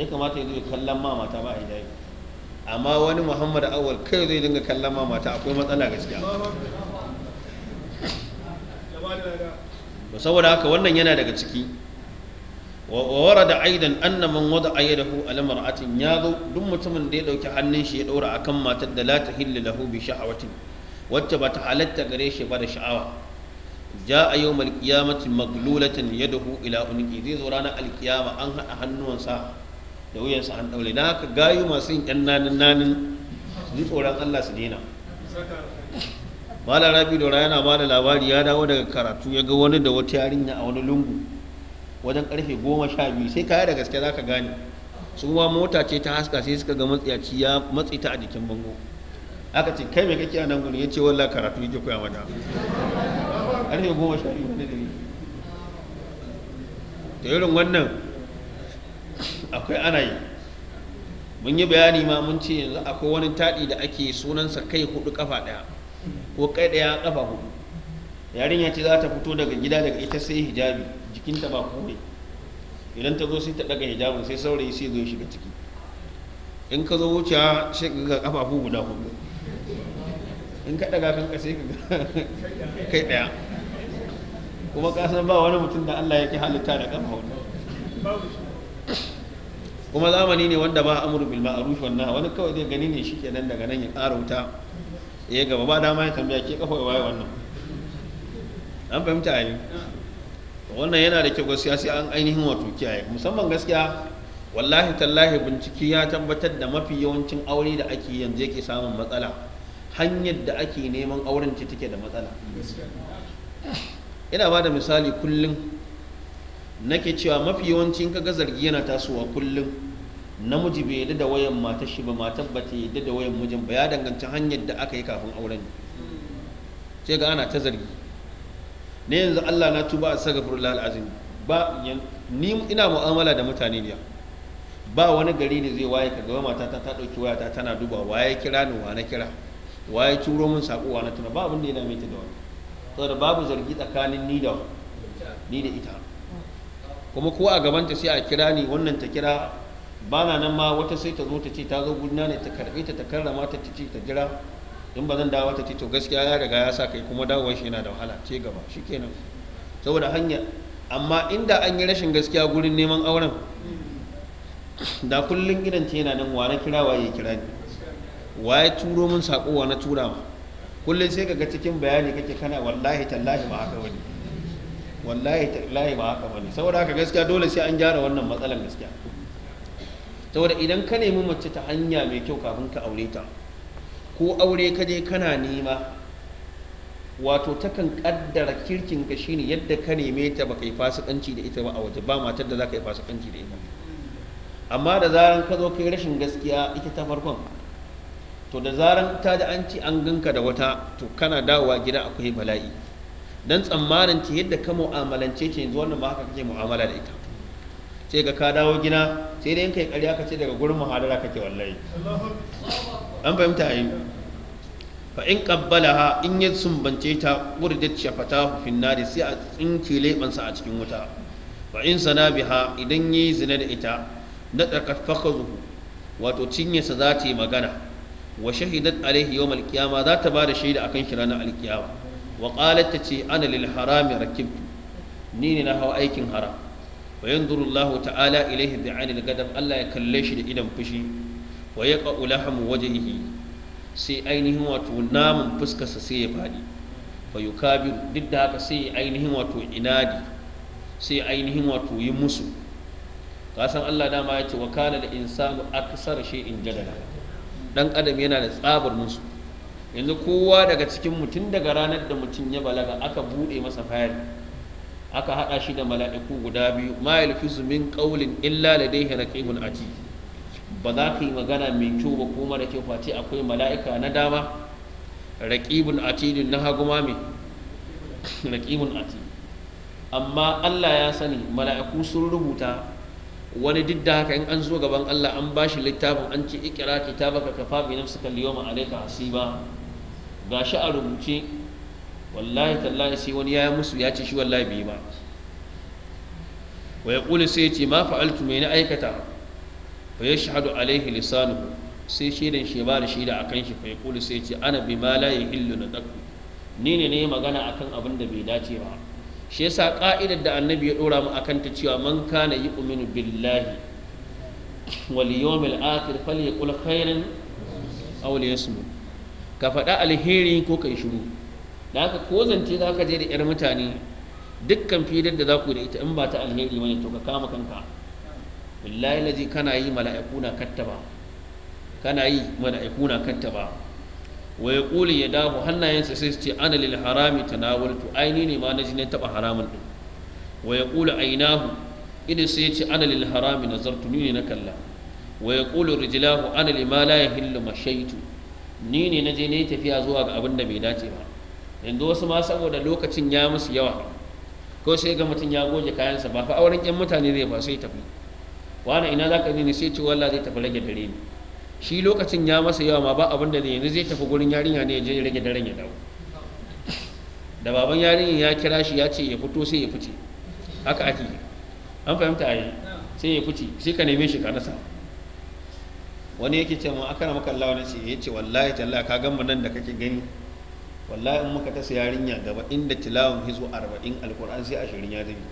ya kamata ya zo ya kallon ma mata ba hijabi amma wani muhammad awal kai zai dinga kallon ma mata akwai matsala gaskiya saboda haka wannan yana daga ciki وورد أيضا أن من وضع يده على امرأة ياضو دم متمن دي دوكي حنن شي دورا أكم ما تد لا تهل له بشهوة واتبع تحالت غريش بعد شعوة جاء يوم القيامة مغلولة يده إلى أنكي دي زورانا القيامة أنها أهنوان سا da wuyansa an daure na haka gayu masu yin yan nanin nanin ji tsoron Allah su dena Mala Rabi Dora yana ba da labari ya dawo daga karatu ya ga wani da wata yarinya a wani lungu wajen karfe goma sha biyu sai kaya da gaske za ka gane su ma mota ce ta haska sai suka ga matsiyaci ya matsi ta a jikin bango aka ce kai mai kake a nan gudun ya ce wallah karatu yake koya mata karfe goma sha biyu na dare da irin wannan akwai ana yi mun yi bayani ma mun ce yanzu akwai wani taɗi da ake sunansa kai hudu kafa ɗaya ko kai ɗaya kafa hudu yarinya ce za ta fito daga gida daga ita sai hijabi jikinta ba kome idan ta zo sai ta daga hijabin sai saurayi sai zo shiga ciki in ka zo wuce sai ka ga kafafu guda hudu in ka daga kanka sai ka kai daya kuma ka san ba wani mutum da Allah yake halitta da kafa hudu kuma zamani ne wanda ba amuru bil ma'ruf wannan wani kawai zai gani ne shikenan daga nan ya ƙara wuta ya gaba ba dama ya tambaya ke kafa wai wannan an fahimta a yi wannan yana da kyau gaskiya sai an ainihin wato kiyaye musamman gaskiya wallahi tallahi binciki ya tabbatar da mafi yawancin aure da ake yanzu yake samun matsala hanyar da ake neman auren ce take da matsala ina ba da misali kullum nake cewa mafi yawancin ga zargi yana tasowa kullum namiji bai yadda da wayan mata shi ba matar ba ta yadda da wayan mijin ba ya danganci hanyar da aka yi kafin auren sai ga ana ta zargi ne yanzu Allah na tuba a sagabrullah al'azim ba ni ina mu'amala da mutane ne ba wani gari ne zai waye ka gaba mata ta dauki wayata tana duba waye kira ni wa na kira waye turo min sako wa na tuna ba abin da yana mai da wani saboda babu zargi tsakanin ni da ni da ita kuma ko a gabanta sai a kira ni wannan ta kira ba nan ma wata sai ta zo ta ce ta zo gudna ne ta karbe ta ta karrama ta ta ce ta jira in ba zan dawo ta tito gaskiya ya riga ya sa kai kuma dawowar shi yana da wahala ce gaba kenan saboda hanya amma inda an yi rashin gaskiya gurin neman auren da kullum gidan ce yana nan wa na kira wa ya kira ni wa ya turo min sako wa na tura ma kullum sai kaga cikin bayani kake kana wallahi tallahi ba haka wani wallahi tallahi ba haka wani saboda haka gaskiya dole sai an gyara wannan matsalan gaskiya saboda idan ka nemi mace ta hanya mai kyau kafin ka aure ta ko aure ka je kana nema wato takan kaddara kirkin ka shine yadda ka neme ta baka yi fasikanci da ita ba a waje ba matar da zaka yi fasikanci da ita amma da zaran ka zo kai rashin gaskiya ita ta farkon to da zaran ta da an ci an ganka da wata to kana dawowa gida akwai bala'i dan tsammanin ce yadda ka mu'amalance ce yanzu wannan ba haka kake mu'amala da ita sai ga ka dawo gida sai dai in kai ƙarya ka ce daga gurin ka ke wallahi an fahimta yi fa in ha in ya sumbance ta urdat shafata hufin nari sai a tsinke lebansa a cikin wuta fa in sana biha idan yi zina da ita na da fakar zuhu wato cinye sa za ta yi magana wa shahidat alaihi yau Malkiyama za ta ba da shaida akan shi ranar alkiyama wa qalat ta ce ana lil harami rakibtu ni ne na hawa aikin haram wa yanzuru Allah ta'ala ilaihi bi'anil gadab Allah ya kalle shi da idan fushi wa yaqa'u lahamu wajhihi sai ainihin wato namun fuskarsa sai ya fadi fa yukabiru duk da haka sai ainihin wato inadi sai ainihin wato yi musu kasan Allah dama ya ce wa kana da insanu aksar shay'in jadala dan adam yana da tsabar musu yanzu kowa daga cikin mutum daga ranar da mutum ya balaga aka bude masa fayar aka hada shi da mala'iku guda biyu ma yalfizu min qawlin illa ladayhi raqibun ati. ba za ka yi magana mai kyau ba kuma da kyau face akwai mala'ika na dama raqibun atid na haguma me raqibun ati. amma Allah ya sani mala'iku sun rubuta wani duk da haka in an zo gaban Allah an ba shi littafin an ce ikira kitabaka kafa bi nafsika al-yawma alayka hasiba gashi a rubuce wallahi tallahi sai wani ya musu ya ce shi wallahi bai ma wa yaqulu sai ce ma fa'altu mai na aikata fa yashhadu alaihi lisanuhu sai shaidan shi ba da shaida akan shi fa yaqulu sai ce ana bima la yahillu nadakku ni ne ne magana akan abin da bai dace ba shi yasa ka'idar da annabi ya dora mu akan ta cewa man kana yu'minu billahi wal yawmil akhir falyaqul khairan aw liyasmut ka faɗa alheri ko kai shiru da haka ko zance za ka je da 'yar mutane dukkan filin da za ku da ita in ba ta alheri wani to ka kama kanka billahi laji kana yi mala'iku na kattaba kana yi mala'iku na kattaba wa ya ƙuli ya damu hannayensa sai su ce ana lil harami tanawaltu aini ne ma na ji na taɓa haramun ɗin wa ya ƙuli ainahu idan sai ya ce ana lil harami na zartu ni ne na kalla wa ya ƙuli rijilahu ana lil ma la ya hillu mashaitu ni ne na je ne tafiya zuwa ga abin da bai dace ba yanzu wasu ma saboda lokacin ya musu yawa ko sai ga mutum ya goge kayansa ba fa auren yan mutane zai ba sai tafi wani ina za ka ne sai ce wallah zai tafi rage dare ne shi lokacin ya masa yawa ma ba abin da zai yanzu zai tafi gurin yarinya ne ya je rage daren ya dawo da baban yarinya ya kira shi ya ce ya fito sai ya fice haka ake an fahimta a yi sai ya fice sai ka neme shi ka nasa wani yake ce ma akana maka Allah wani ce ya ce wallahi talla ka gan nan da kake gani wallahi in muka tasa yarinya gaba inda tilawun hizo 40 alkur'an sai 20 ya zame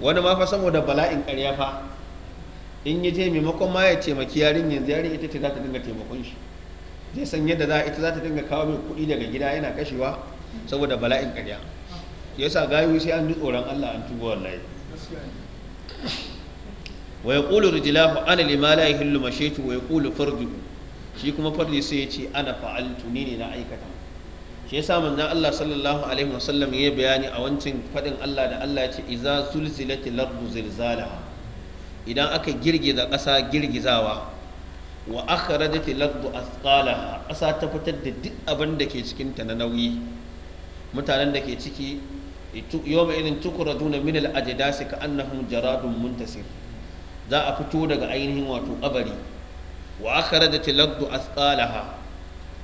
wani ma fa saboda bala'in ƙarya fa in ya je maimakon ma ya taimaki yarin yanzu yarin ita ce za ta dinga taimakon shi zai san yadda za ita za ta dinga kawo mai kuɗi daga gida yana kashewa saboda bala'in ƙarya ya sa gayu sai an ji tsoron Allah an tuba wallahi wa yaqulu rijlahu ana lima ya yahillu mashaytu wa yaqulu fardu shi kuma fardi sai ya ce ana fa'altu ni ne na aikata shi yasa manzon Allah sallallahu alaihi wasallam ya bayani a wancin fadin Allah da Allah ya ce iza zulzilatil ardu zilzalaha idan aka girgiza ƙasa girgizawa wa akhrajatil ardu athqalaha ƙasa ta fitar da duk abin da ke cikin ta na nauyi mutanen da ke ciki yawma irin tukraduna min al ajdasi ka annahum jaradun muntasir za a fito daga ainihin wato kabari wa akhrajatil ardu athqalaha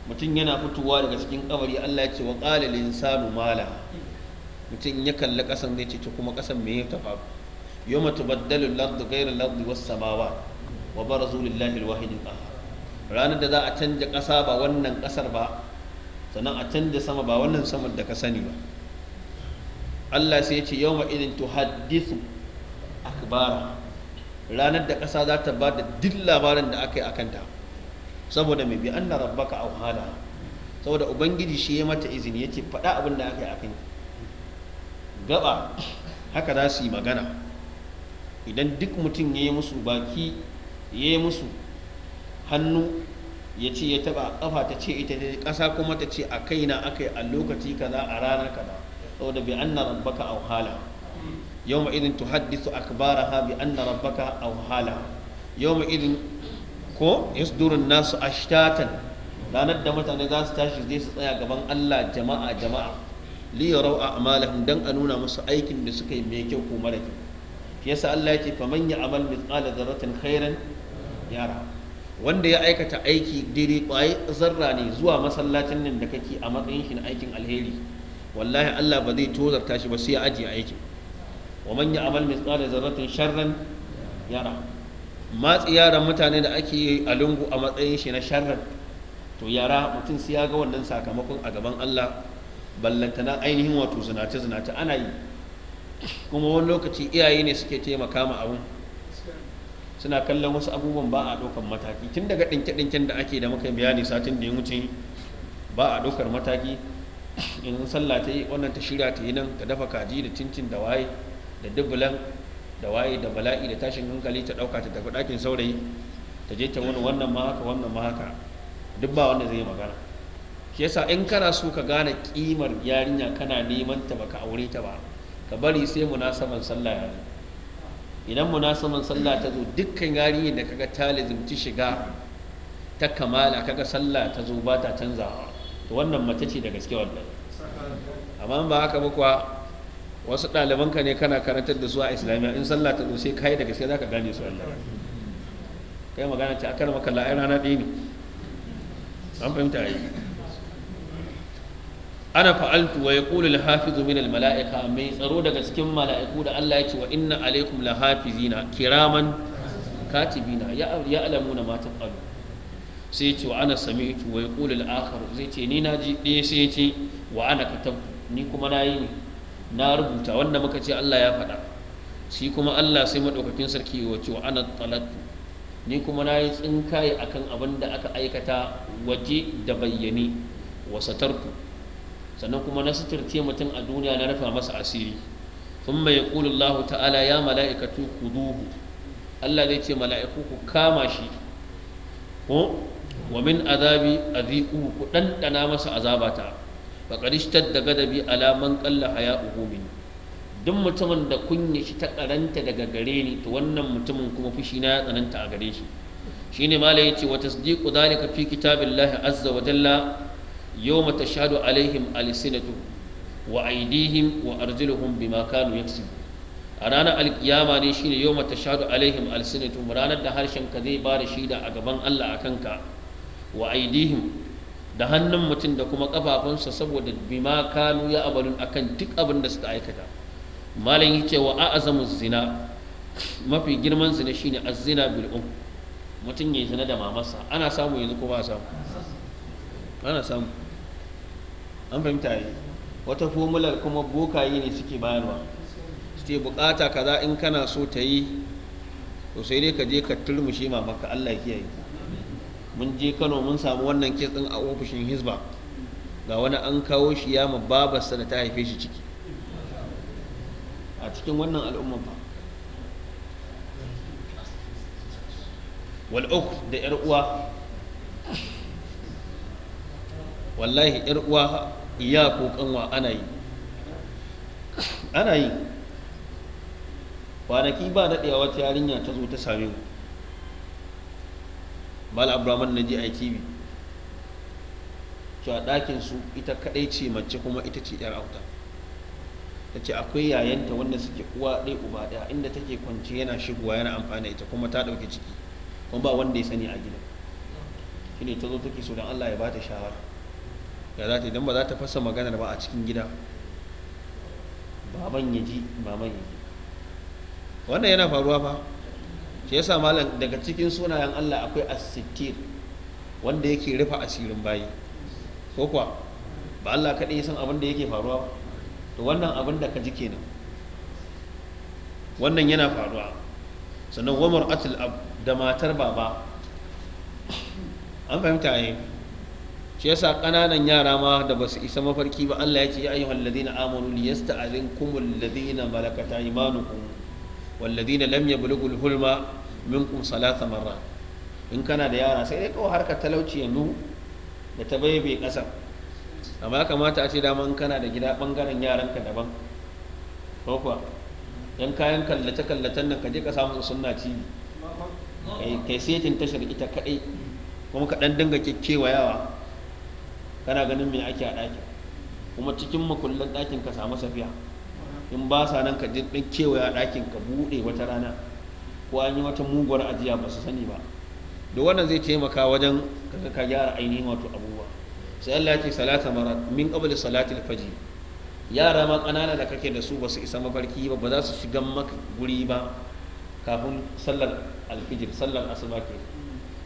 mutum yana fitowa daga cikin kabari Allah ya ce wa qala lil insanu mala mutum ya kalli kasan zai ce to kuma kasan me ya tafa yawma tubaddalu al-ardu ghayra al-ardi was-samawati wa barazu lillahi al-wahid al-qahhar ranar da za a canja kasa ba wannan kasar ba sannan a canja sama ba wannan saman da ka sani ba Allah sai ya ce yawma idin tuhaddithu akbara ranar da ƙasa za ta ba da duk labarin da aka yi a kanta saboda mai bi anna rabbaka aw hala saboda ubangiji shi ya mata izini yace faɗa abin da aka yi akan gaba haka za su yi magana idan duk mutum ya yi musu baki ya yi musu hannu ya ce ya taba kafa ta ce ita ne ƙasa kuma ta ce a kaina aka yi a lokaci kaza a rana kaza saboda bi anna rabbaka aw hala yawma idin tuhaddisu akbaraha bi anna rabbaka aw hala yawma idin ko yasdurun nasu ashtatan ranar da mutane za su tashi zai su tsaya gaban Allah jama'a jama'a li yarau a'malahum dan a nuna musu aikin da suka yi mai kyau ko mara kyau yasa Allah yake faman ya amal mithqala dharratin khairan yara wanda ya aikata aiki dire kwaye zarra ne zuwa masallacin nan da kake a matsayin shi na aikin alheri wallahi Allah ba zai tozarta shi ba sai ya ajiye aikin wa man ya amal mithqala dharratin sharran yara matsi yaran mutane da ake yi a lungu a matsayin shi na sharrin to yara mutum sai ya ga wannan sakamakon a gaban Allah ballantana ainihin wato zinace zinace ana yi kuma wani lokaci iyaye ne suke taimaka ma abun suna kallon wasu abubuwan ba a ɗaukar mataki tun daga ɗinke-ɗinken da ake da muka bayani satin da ya wuce ba a ɗaukar mataki in sallah ta yi wannan ta shirya ta yi nan ta dafa kaji da cincin da waye da dubulan da waye da bala'i da tashin hankali ta ɗauka ta tafi dakin saurayi ta je ta wani wannan ma haka wannan ma haka duk ba wanda zai magana shi yasa in kana so ka gane kimar yarinya kana neman ta baka aure ta ba ka bari sai munasaban sallah ya zo idan munasaban sallah ta zo dukkan yarinyar da kaga ta lazimci shiga ta kamala kaga sallah ta zo ba ta canzawa to wannan mace ce da gaske wallahi amma ba haka ba kuwa wasu ɗalibanka ne kana karantar da su a islamiyya in sallah ta dosai kai da gaske za ka gane su Allah kai magana ce a akan maka la'ai rana ɗaya ne an fahimta a yi ana fa'altu wa ya ƙulu lahafizu min mala'ika mai tsaro daga cikin mala'iku da Allah ya ce wa inna alaikum lahafizina kiraman katibina ya alamu na matan alu sai ce wa ana sami wa ya ƙulu zai ce ni na ji ɗaya sai ce wa ana katabtu ni kuma na yi ne na rubuta wanda muka ce Allah ya faɗa shi kuma Allah sai madaukakin sarki wace wa ana talattu ni kuma na yi tsinkaye akan abin da aka aikata waje da bayyane wa satartu sannan kuma na suturce mutum a duniya na rufa masa asiri mai yaqulu Allah ta'ala ya mala'ikatu ku duhu. Allah zai ce mala'iku ku kama shi ko wa min azabi aziku ku ɗanɗana masa azabata faqad da gadabi alaman ƙalla haya haya'uhu duk mutumin da kunya shi ta karanta daga gare ni to wannan mutumin kuma fushi na ya tsananta a gare shi shine mala yace wata tasdiqu zalika fi kitabillahi azza wa jalla yawma tashhadu alaihim alsinatuhum wa aydihim wa arjuluhum bima kanu yaksubu a ranar alkiyama ne shine yawma tashhadu alaihim alsinatuhum ranar da harshen ka zai bada shida a gaban Allah a kanka wa aydihim da hannun mutum da kuma kafafunsa saboda bima kanu ya abalun akan duk abin da suka aikata malam cewa a a'zamu zina mafi girman zina shine az-zina bil um mutum ya zina da mamarsa ana samu yanzu ko ba samu ana samu an fahimta yi wata fomular kuma bokaye ne suke bayarwa suke bukata kaza in kana so ta yi to sai dai ka je ka turmushe mamaka Allah ya kiyaye mun je kano mun samu wannan kes din a ofishin hizba ga wani an kawo shi ya ma babarsa da ta haife shi ciki a cikin wannan al'umma ba wal'uk da 'yar uwa wallahi 'yar uwa iya ko kanwa ana yi ana yi kwanaki ba daɗewa wata yarinya ta zo ta same mu bala abraman na ji a tv cewa ɗakin su ita kaɗai ce mace kuma ita ce yar auta ta ce akwai yayanta wanda suke uwa ɗai uba ɗaya inda take kwanci yana shigowa yana amfani ita kuma ta ɗauki ciki kuma ba wanda ya sani a gidan ne ta zo take so don Allah ya bata shawara ya za ta idan ba za ta fasa maganar ba a cikin gida baban ya ji maman ya ji wannan yana faruwa ba. shi yasa malam daga cikin sunayen Allah akwai as-sittir wanda yake rufe asirin bayi ko kuwa ba Allah kaɗai san abin da yake faruwa to wannan abin da ka ji kenan wannan yana faruwa sannan wa mar'atul ab da matar baba an fahimta ne shi yasa ƙananan yara ma da ba su isa mafarki ba Allah ya ce ya ayyuhal ladina amanu liyasta'azinkumul ladina malakata imanukum walladina lamya yablughul hulma minkum salata marra in kana da yara sai dai kawai harkar talauci yanzu da ta baibe ƙasa amma kamata a ce dama in kana da gida bangaren yaranka daban ko kuwa yan kayan kallace kallacen nan ka je ka samu sunna tv kai setin tashar ita kadai kuma ka dan dinga kekkewayawa kana ganin me ake a ɗakin kuma cikin makullan ɗakin ka samu safiya in ba sa nan ka kewa kewaya ɗakin ka buɗe wata rana ko an yi wata muguwar ajiya ba su sani ba da wannan zai taimaka wajen kaga ka gyara ainihin wato abubuwa sai Allah ya ce salata mara min qabl salati al-fajr yara ma kanana da kake da su ba su isa mafarki ba ba za su shiga maka guri ba kafin sallar alfijir sallar asuba ke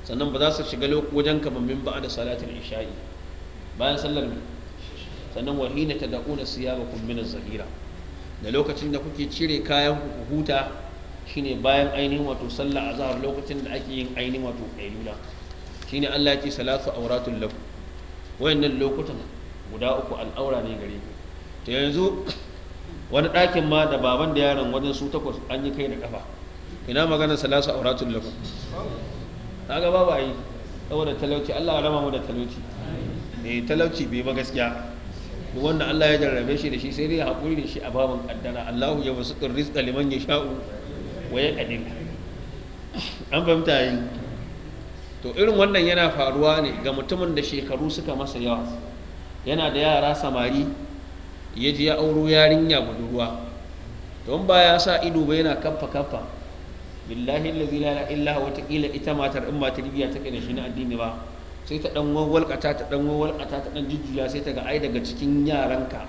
sannan ba za su shiga wajen ka ba min da salatin isha'i bayan sallar sannan wahina tad'una siyabakum min az-zahira da lokacin da kuke cire kayan ku huta shine bayan ainihin wato sallah azhar lokacin da ake yin ainihin wato ailula shine Allah ya ce salatu auratul lak wayannan lokutan guda uku al'aura ne gare ku to yanzu wani ɗakin ma da baban da yaron wajen su takwas an yi kai da kafa ina magana salatu auratul lak kaga babu ayi saboda talauci Allah ya rama mu da talauci eh talauci bai ba gaskiya duk wanda Allah ya jarrabe shi da shi sai dai haƙuri da shi a babin ƙaddara, Allahu ya basu kan rizqa liman yasha'u wa yaqdir an fahimta yi to irin wannan yana faruwa ne ga mutumin da shekaru suka masa yawa yana da yara samari ya ji ya auro yarinya budurwa don ba ya sa ido ba yana kaffa kaffa billahi allazi la ilaha illa huwa ita matar in ba tarbiya take da shi na addini ba sai ta dan walwalkata ta dan walwalkata ta dan jujjuya sai ta ga ai daga cikin yaranka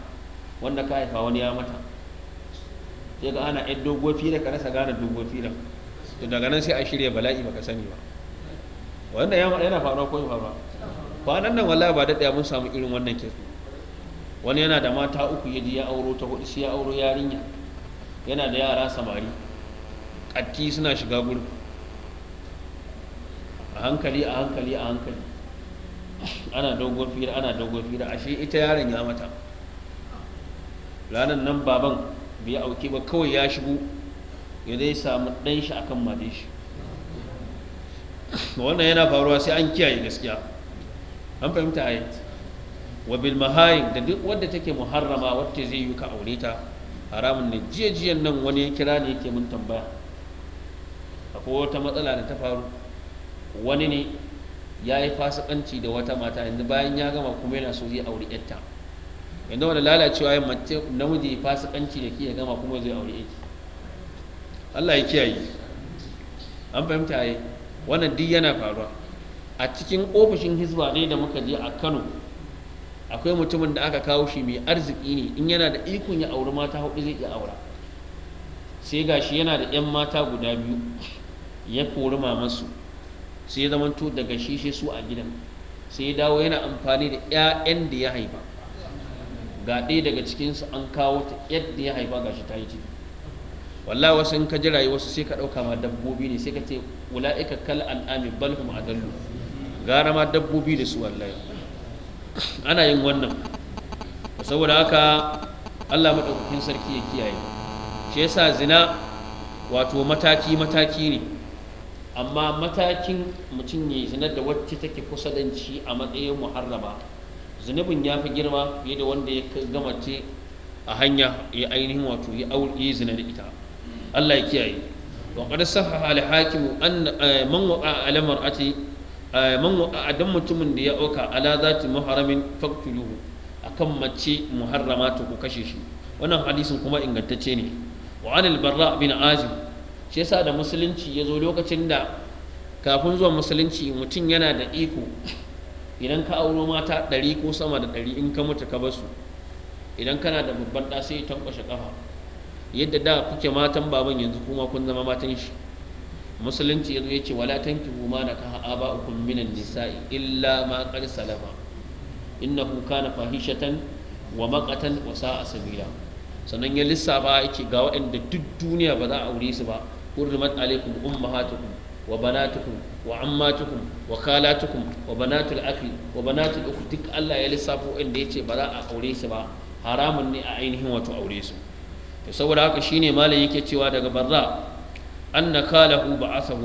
wanda ka haifa wani ya mata sai ga ana ɗan dogon fira ka rasa gane dogon fira to daga nan sai a shirya bala'i baka sani ba ya yana faruwa ko faruwa kwanan nan wallahi ba daɗaya mun samu irin wannan kesu wani yana da mata uku ya ji ya auro ta hudu sai ya auro yarinya yana da yara samari ƙatti suna shiga gurbi a hankali a hankali a hankali ana dogon fira ana dogon fira ashe ita yaron ya mata ranar nan baban bai auki ba kawai ya shigo ya dai samu ɗan shi akan mace shi wannan yana faruwa sai an kiyaye gaskiya an fahimta a wa bil mahayin da duk wadda take muharrama wacce zai yi ka aure ta haramun ne jiyajiyan nan wani ya kira ne yake mun tambaya akwai wata matsala da ta faru wani ne ya yi fasikanci da wata mata yanzu bayan ya gama kuma yana so zai auri yatta yanzu wani lalacewa ya mace namiji ya fasikanci da ke ya gama kuma zai auri yake Allah ya kiyaye an fahimta yi wannan duk yana faruwa a cikin ofishin hizba ne da muka je a Kano akwai mutumin da aka kawo shi mai arziki ne in yana da ikon ya auri mata hudu zai iya aura sai gashi yana da 'yan mata guda biyu ya kori mamansu sai zama zamanto daga shi shi su a gidan sai ya dawo yana amfani da 'ya'yan da ya haifa ga ɗaya daga cikinsu an kawo ta yadda ya haifa gashi ta yi ciki wallahi wasu in ka ji wasu sai ka ɗauka ma dabbobi ne sai ka ce wula'ika kal al'ami bal adallu gara ma dabbobi da su wallahi ana yin wannan saboda haka Allah maɗaukakin sarki ya kiyaye shi yasa zina wato mataki mataki ne amma matakin mutum ya zinar da wacce take kusadanci a matsayin muharrama zunubin ya fi girma fiye da wanda ya gama ce a hanya ya ainihin wato ya aure zina da ita Allah ya kiyaye wa qad sahaha al hakim an eh, man wa al mar'ati eh, man adam mutumin da ya auka ala zati muharramin faqtuluhu akan mace muharrama ta ku kashe shi wannan hadisin kuma ingantacce ne wa al barra bin azib shi yasa da musulunci ya zo lokacin da kafin zuwa musulunci mutum yana da iko idan ka auro mata ɗari ko sama da ɗari in ka mutu ka basu idan kana da babban ɗa sai ta kwashe ƙafa yadda da kuke matan baban yanzu kuma kun zama matan shi musulunci yanzu ya ce wala tankihu ma da kaha ba ukun minan nisa'i illa ma ƙar salama kuka kana fahishatan wa maƙatan wa sa'a sabila sannan ya lissafa yake ga waɗanda duk duniya ba za a aure su ba حرمت عليكم أمهاتكم وبناتكم وعماتكم وخالاتكم وبنات الأخي وبنات الأخت دك الله يلسافو إن ديتي بلا أوليس با حرام ني أعينهم وتو أوليس يسوى لك شيني ما ليكي تيوا دك برا أن كاله بعثه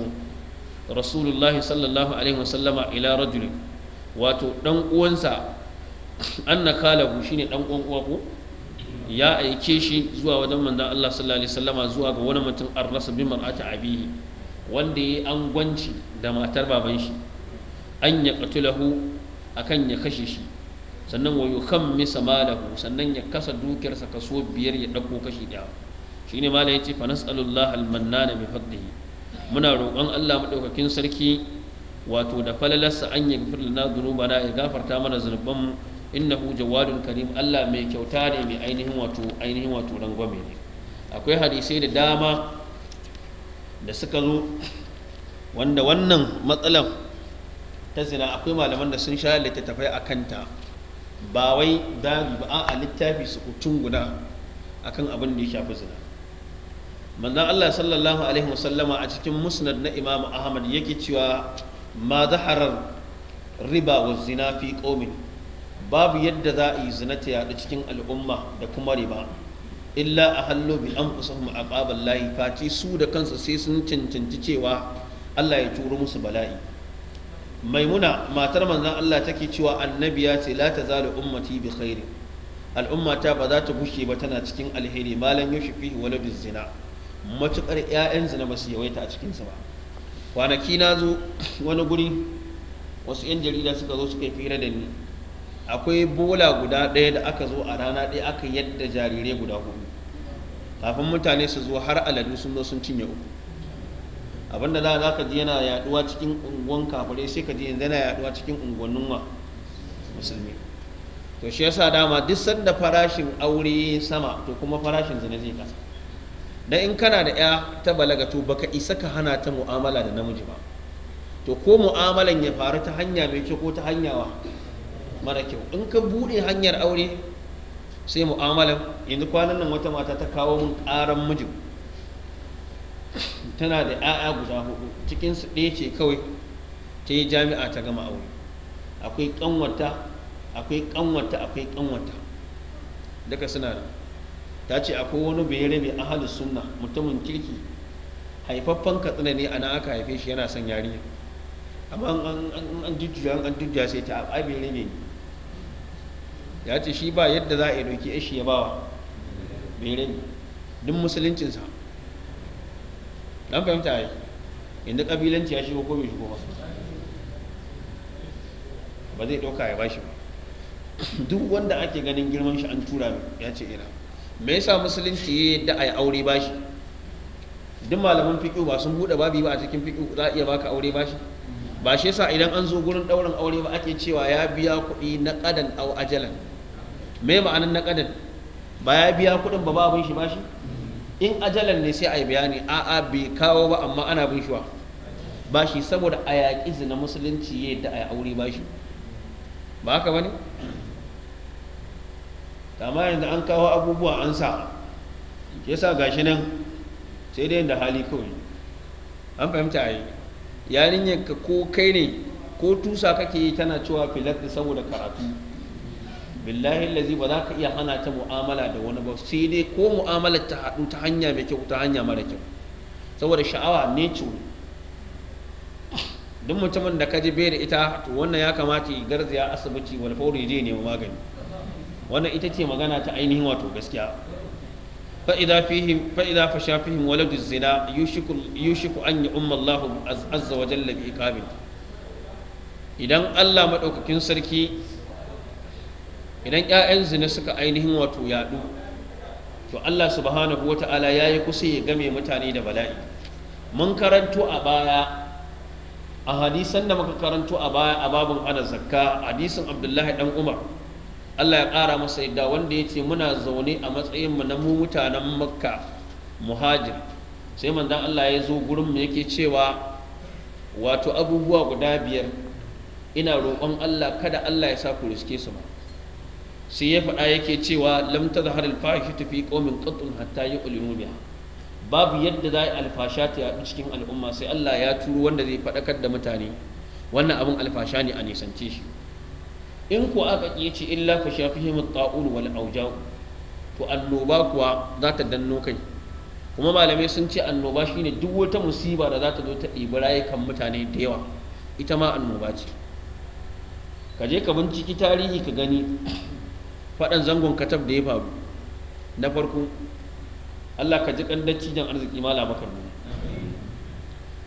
رسول الله صلى الله عليه وسلم إلى رجل واتو دن أنسى أن كاله شيني دن أنقوانكو ya aike shi zuwa wajen manzon Allah sallallahu alaihi wasallama zuwa ga wani mutum arrasa bi mar'ati abihi wanda yayi angwanci da matar baban shi an ya qatulahu akan ya kashe shi sannan wa yukhammisa malahu sannan ya kasa dukiyarsa kaso biyar ya dauko kashi daya shine mala yace fa nas'alullah al-mannan bi fadlihi muna roƙon Allah madaukakin sarki wato da falalarsa an ya gafarta mana zunubanmu innahu jawadun karim Allah mai kyauta ne mai ainihin wato ainihin wato rangwame ne akwai hadisai da dama da suka zo wanda wannan matsalan ta zina akwai malaman da sun sha littattafai a kanta ba wai dari ba a'a littafi su hutun guda akan abin da ya shafi zina manzon Allah sallallahu alaihi wasallama a cikin musnad na Imam Ahmad yake cewa ma zaharar riba wa zina fi qaumin babu yadda za a yi zina ta yaɗu cikin al'umma da kuma riba illa a hallo bi an a aqabal layi Fati su da kansu sai sun cancanci cewa Allah ya turo musu bala'i maimuna matar manzan Allah take cewa annabi ya ce la tazalu ummati bi khairi al'ummata ba za ta bushe ba tana cikin alheri malan yushfi waladu zina matukar 'ya'yan zina ba su yawaita a cikinsa ba kwanaki na zo wani guri wasu 'yan jarida suka zo suka yi fira da ni akwai bola guda ɗaya da aka zo a rana ɗaya aka yadda jarirai guda hudu kafin mutane su zo har aladu sun zo sun cinye uku abinda da za ka ji yana yaduwa cikin unguwan kafare sai ka ji yanzu yana yaduwa cikin unguwannin wa musulmi to shi yasa dama duk sanda farashin aure sama to kuma farashin zina zai kasa dan in kana da ya ta balaga to baka isa ka hana ta mu'amala da namiji ba to ko mu'amalan ya faru ta hanya mai kyau ko ta hanya wa mara kyau in ka buɗe hanyar aure sai mu'amalan yanzu kwanan nan wata mata ta kawo mun ƙaran mijin tana da 'ya'ya guda hudu cikinsu ɗaya ce kawai ta yi jami'a ta gama aure akwai ƙanwata akwai ƙanwata akwai ƙanwata daga suna da ta ce akwai wani bayere mai ahalus sunna mutumin kirki haifaffen katsina ne na aka haife shi yana son yarinya amma an jujjuya an jujjuya sai ta abin ne ya ce shi ba yadda za a ɗauki doki shi ya bawa bere ne duk musuluncinsa dan fahimta ya inda ƙabilanci ya shigo ko shigo ba ba zai ɗauka ya bashi ba duk wanda ake ganin girman shi an tura ya ce ina me yasa musulunci ya yadda a yi aure bashi duk malaman fiƙo ba sun buɗe babi ba a cikin fiƙo za a iya baka aure bashi ba shi yasa idan an zo gurin ɗaurin aure ba ake cewa ya biya kuɗi na ƙadan au ajalan me ma'anin na kadar ba ya biya kuɗin ba ba bin shi bashi in ajalan ne sai a yi bayani a'a bai kawo ba amma ana bin shi ba shi saboda a yaƙi zina musulunci yadda a yi aure ba shi. ba haka ba ne amma yanzu an kawo abubuwa an sa sa gashi nan sai dai da hali kawai an fahimta a yi yarinyarka ko kai ne ko tusa kake yi tana cewa filat saboda karatu billahi lazi ba za ka iya hana ta mu'amala da wani ba sai dai ko mu'amalar ta haɗu ta hanya mai kyau ta hanya mara kyau saboda sha'awa ne ciwo duk mutumin da ka ji bai da ita to wannan ya kamata ya garzaya asibiti wani fauri je nemi magani wannan ita ce magana ta ainihin wato gaskiya fa idza fihim fa idza fasha zina yushiku yushiku an ya umma Allah azza wa jalla bi iqabil idan Allah madaukakin sarki idan 'ya'yan zina suka ainihin wato yaɗu to Allah subhanahu wata'ala ya yi kusa ya game mutane da bala'i mun karanto a baya a hadisan da muka karanto a baya a babin ana zakka hadisin abdullahi dan umar Allah ya ƙara masa yadda wanda ya ce muna zaune a matsayin mu na mu mutanen makka muhajir sai manzon Allah ya zo gurin mu yake cewa wato abubuwa guda biyar ina roƙon Allah kada Allah ya sa ku riske su ba sai ya faɗa yake cewa lamta tazhar al ta fi ƙomin ƙatun hatta yi babu yadda za alfasha ta yaɗu cikin al'umma sai Allah ya turu wanda zai faɗakar da mutane wannan abin alfasha ne a nisance shi in ku aka ƙi ce illa ka shafi at-ta'un wal awja'u to annoba kuwa za ta danno kai kuma malamai sun ce annoba shine duk wata musiba da za ta zo ta ɗibi rayukan mutane da yawa ita ma annoba ce ka je ka binciki tarihi ka gani faɗan zangon katab da ya faru na farko Allah ka ji ƙandacci dattijan arziki mala labakar mu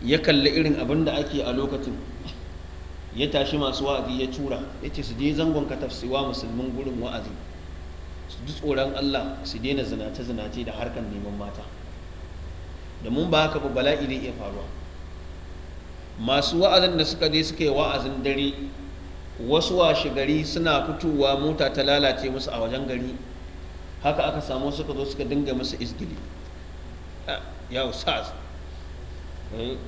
ya kalli irin abin da ake a lokacin ya tashi masu wa'azi ya tura ya ce su je zangon katab su wa musulmin gurin wa'azi su ji tsoron Allah su daina zinace-zinace da harkar neman mata da mun ba haka ba bala'i ne iya faruwa masu wa'azin da suka je suka yi wa'azin dare wasu washe gari suna fitowa mota ta lalace musu a wajen gari haka aka samu suka zo suka dinga musu isgili ah, yau usas eh,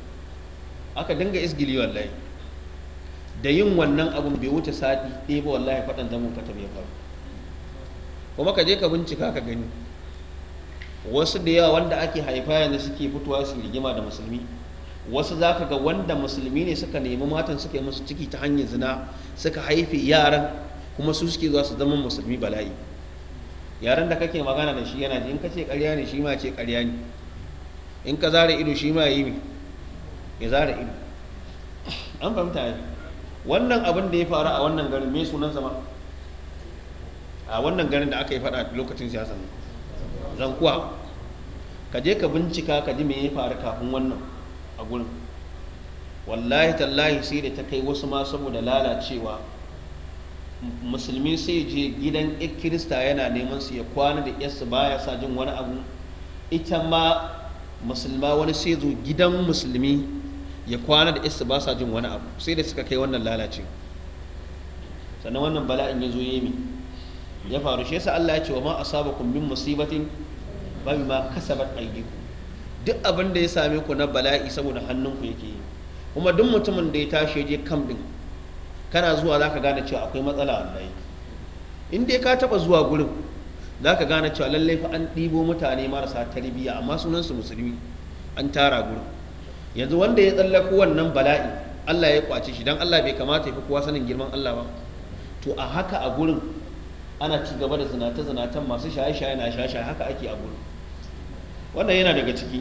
aka dinga isgili wallahi da yin wannan abun bai wuce sati ɗaya ba wallahi faɗan zamun fata bai faru kuma ka je ka bincika ka gani wasu da yawa wanda ake haifa yanzu suke fitowa su rigima da musulmi wasu za ka ga wanda musulmi ne suka nemi matan suka yi musu ciki ta hanyar zina suka haifi yaran kuma su suke zuwa su zama musulmi bala'i yaran da kake magana da shi yana ji in ka ce karya ne shi ma ce karya ne in ka zara ido shi ma yi mi ya zara ido an fahimta ne wannan abin da ya faru a wannan garin me sunan sama a wannan garin da aka yi faɗa lokacin siyasa ne zankuwa ka je ka bincika ka ji me ya faru kafin wannan a gurin wallahi tallahi sai da ta kai wasu ma saboda lalacewa musulmi sai je gidan kirista yana neman su ya kwana da ba baya sa jin wani abu ita ma musulma wani sai zo gidan musulmi ya kwana da yasu ba sa jin wani abu sai da suka kai wannan lalace sannan wannan bala'in ya zo yemi ya faru shi yasa Allah ya ce wa ma asabakum min musibatin ba ma kasabat aydikum duk abin da ya same ku na bala'i saboda hannun ku yake yi kuma duk mutumin da ya tashi je kam din kana zuwa za ka gane cewa akwai matsala wallahi in dai ka taba zuwa gurin za ka gane cewa lallai fa an ɗibo mutane marasa tarbiyya amma sunan musulmi an tara gurin yanzu wanda ya tsallaku wannan bala'i Allah ya kwace shi dan Allah bai kamata ya fi kowa sanin girman Allah ba to a haka a gurin ana ci gaba da zinata-zinatan masu shaye-shaye na shaye-shaye haka ake a gurin wannan yana daga ciki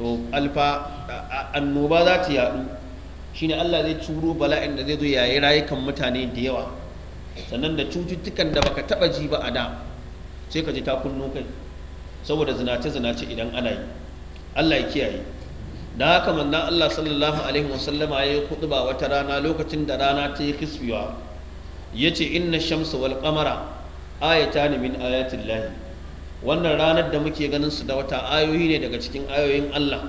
to alfa annoba za ta yaɗu shine Allah zai turo bala'in da zai zo yayi rayukan mutane da yawa sannan da cututtukan da baka taba ji ba a da sai ka ji ta kunno kai saboda zinace zinace idan ana yi Allah ya kiyaye da haka manzon Allah sallallahu alaihi wasallama ya yi khutba wata rana lokacin da rana ta yi kisbiwa yace inna shamsu wal qamara ayatan min ayatin lahi wannan ranar da muke ganin su da wata ayoyi ne daga cikin ayoyin Allah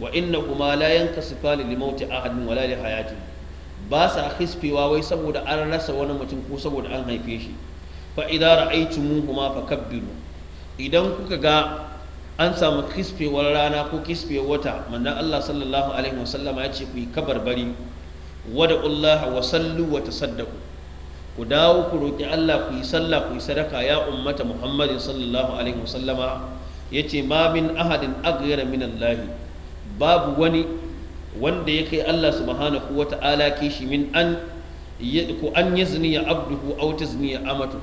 wa inna kuma la yankasifa lil mauti ahadun wala li hayati ba sa hispewa wai saboda an rasa wani mutum ko saboda an haife shi fa kuma fa fakabbiru idan kuka ga an samu kispewar rana ko kispewar wata manzon Allah sallallahu alaihi wasallama ya ce ku yi kabarbari wada Allah wa sallu wa tasaddaqu ku dawo ku roƙi Allah ku yi sallah ku yi sadaka ya ummata Muhammadin sallallahu alaihi wasallama yace ma min ahadin aghyara min Allah babu wani wanda ya kai Allah subhanahu wata'ala kishi min an ku an yazni ya abduhu aw tazni ya amatu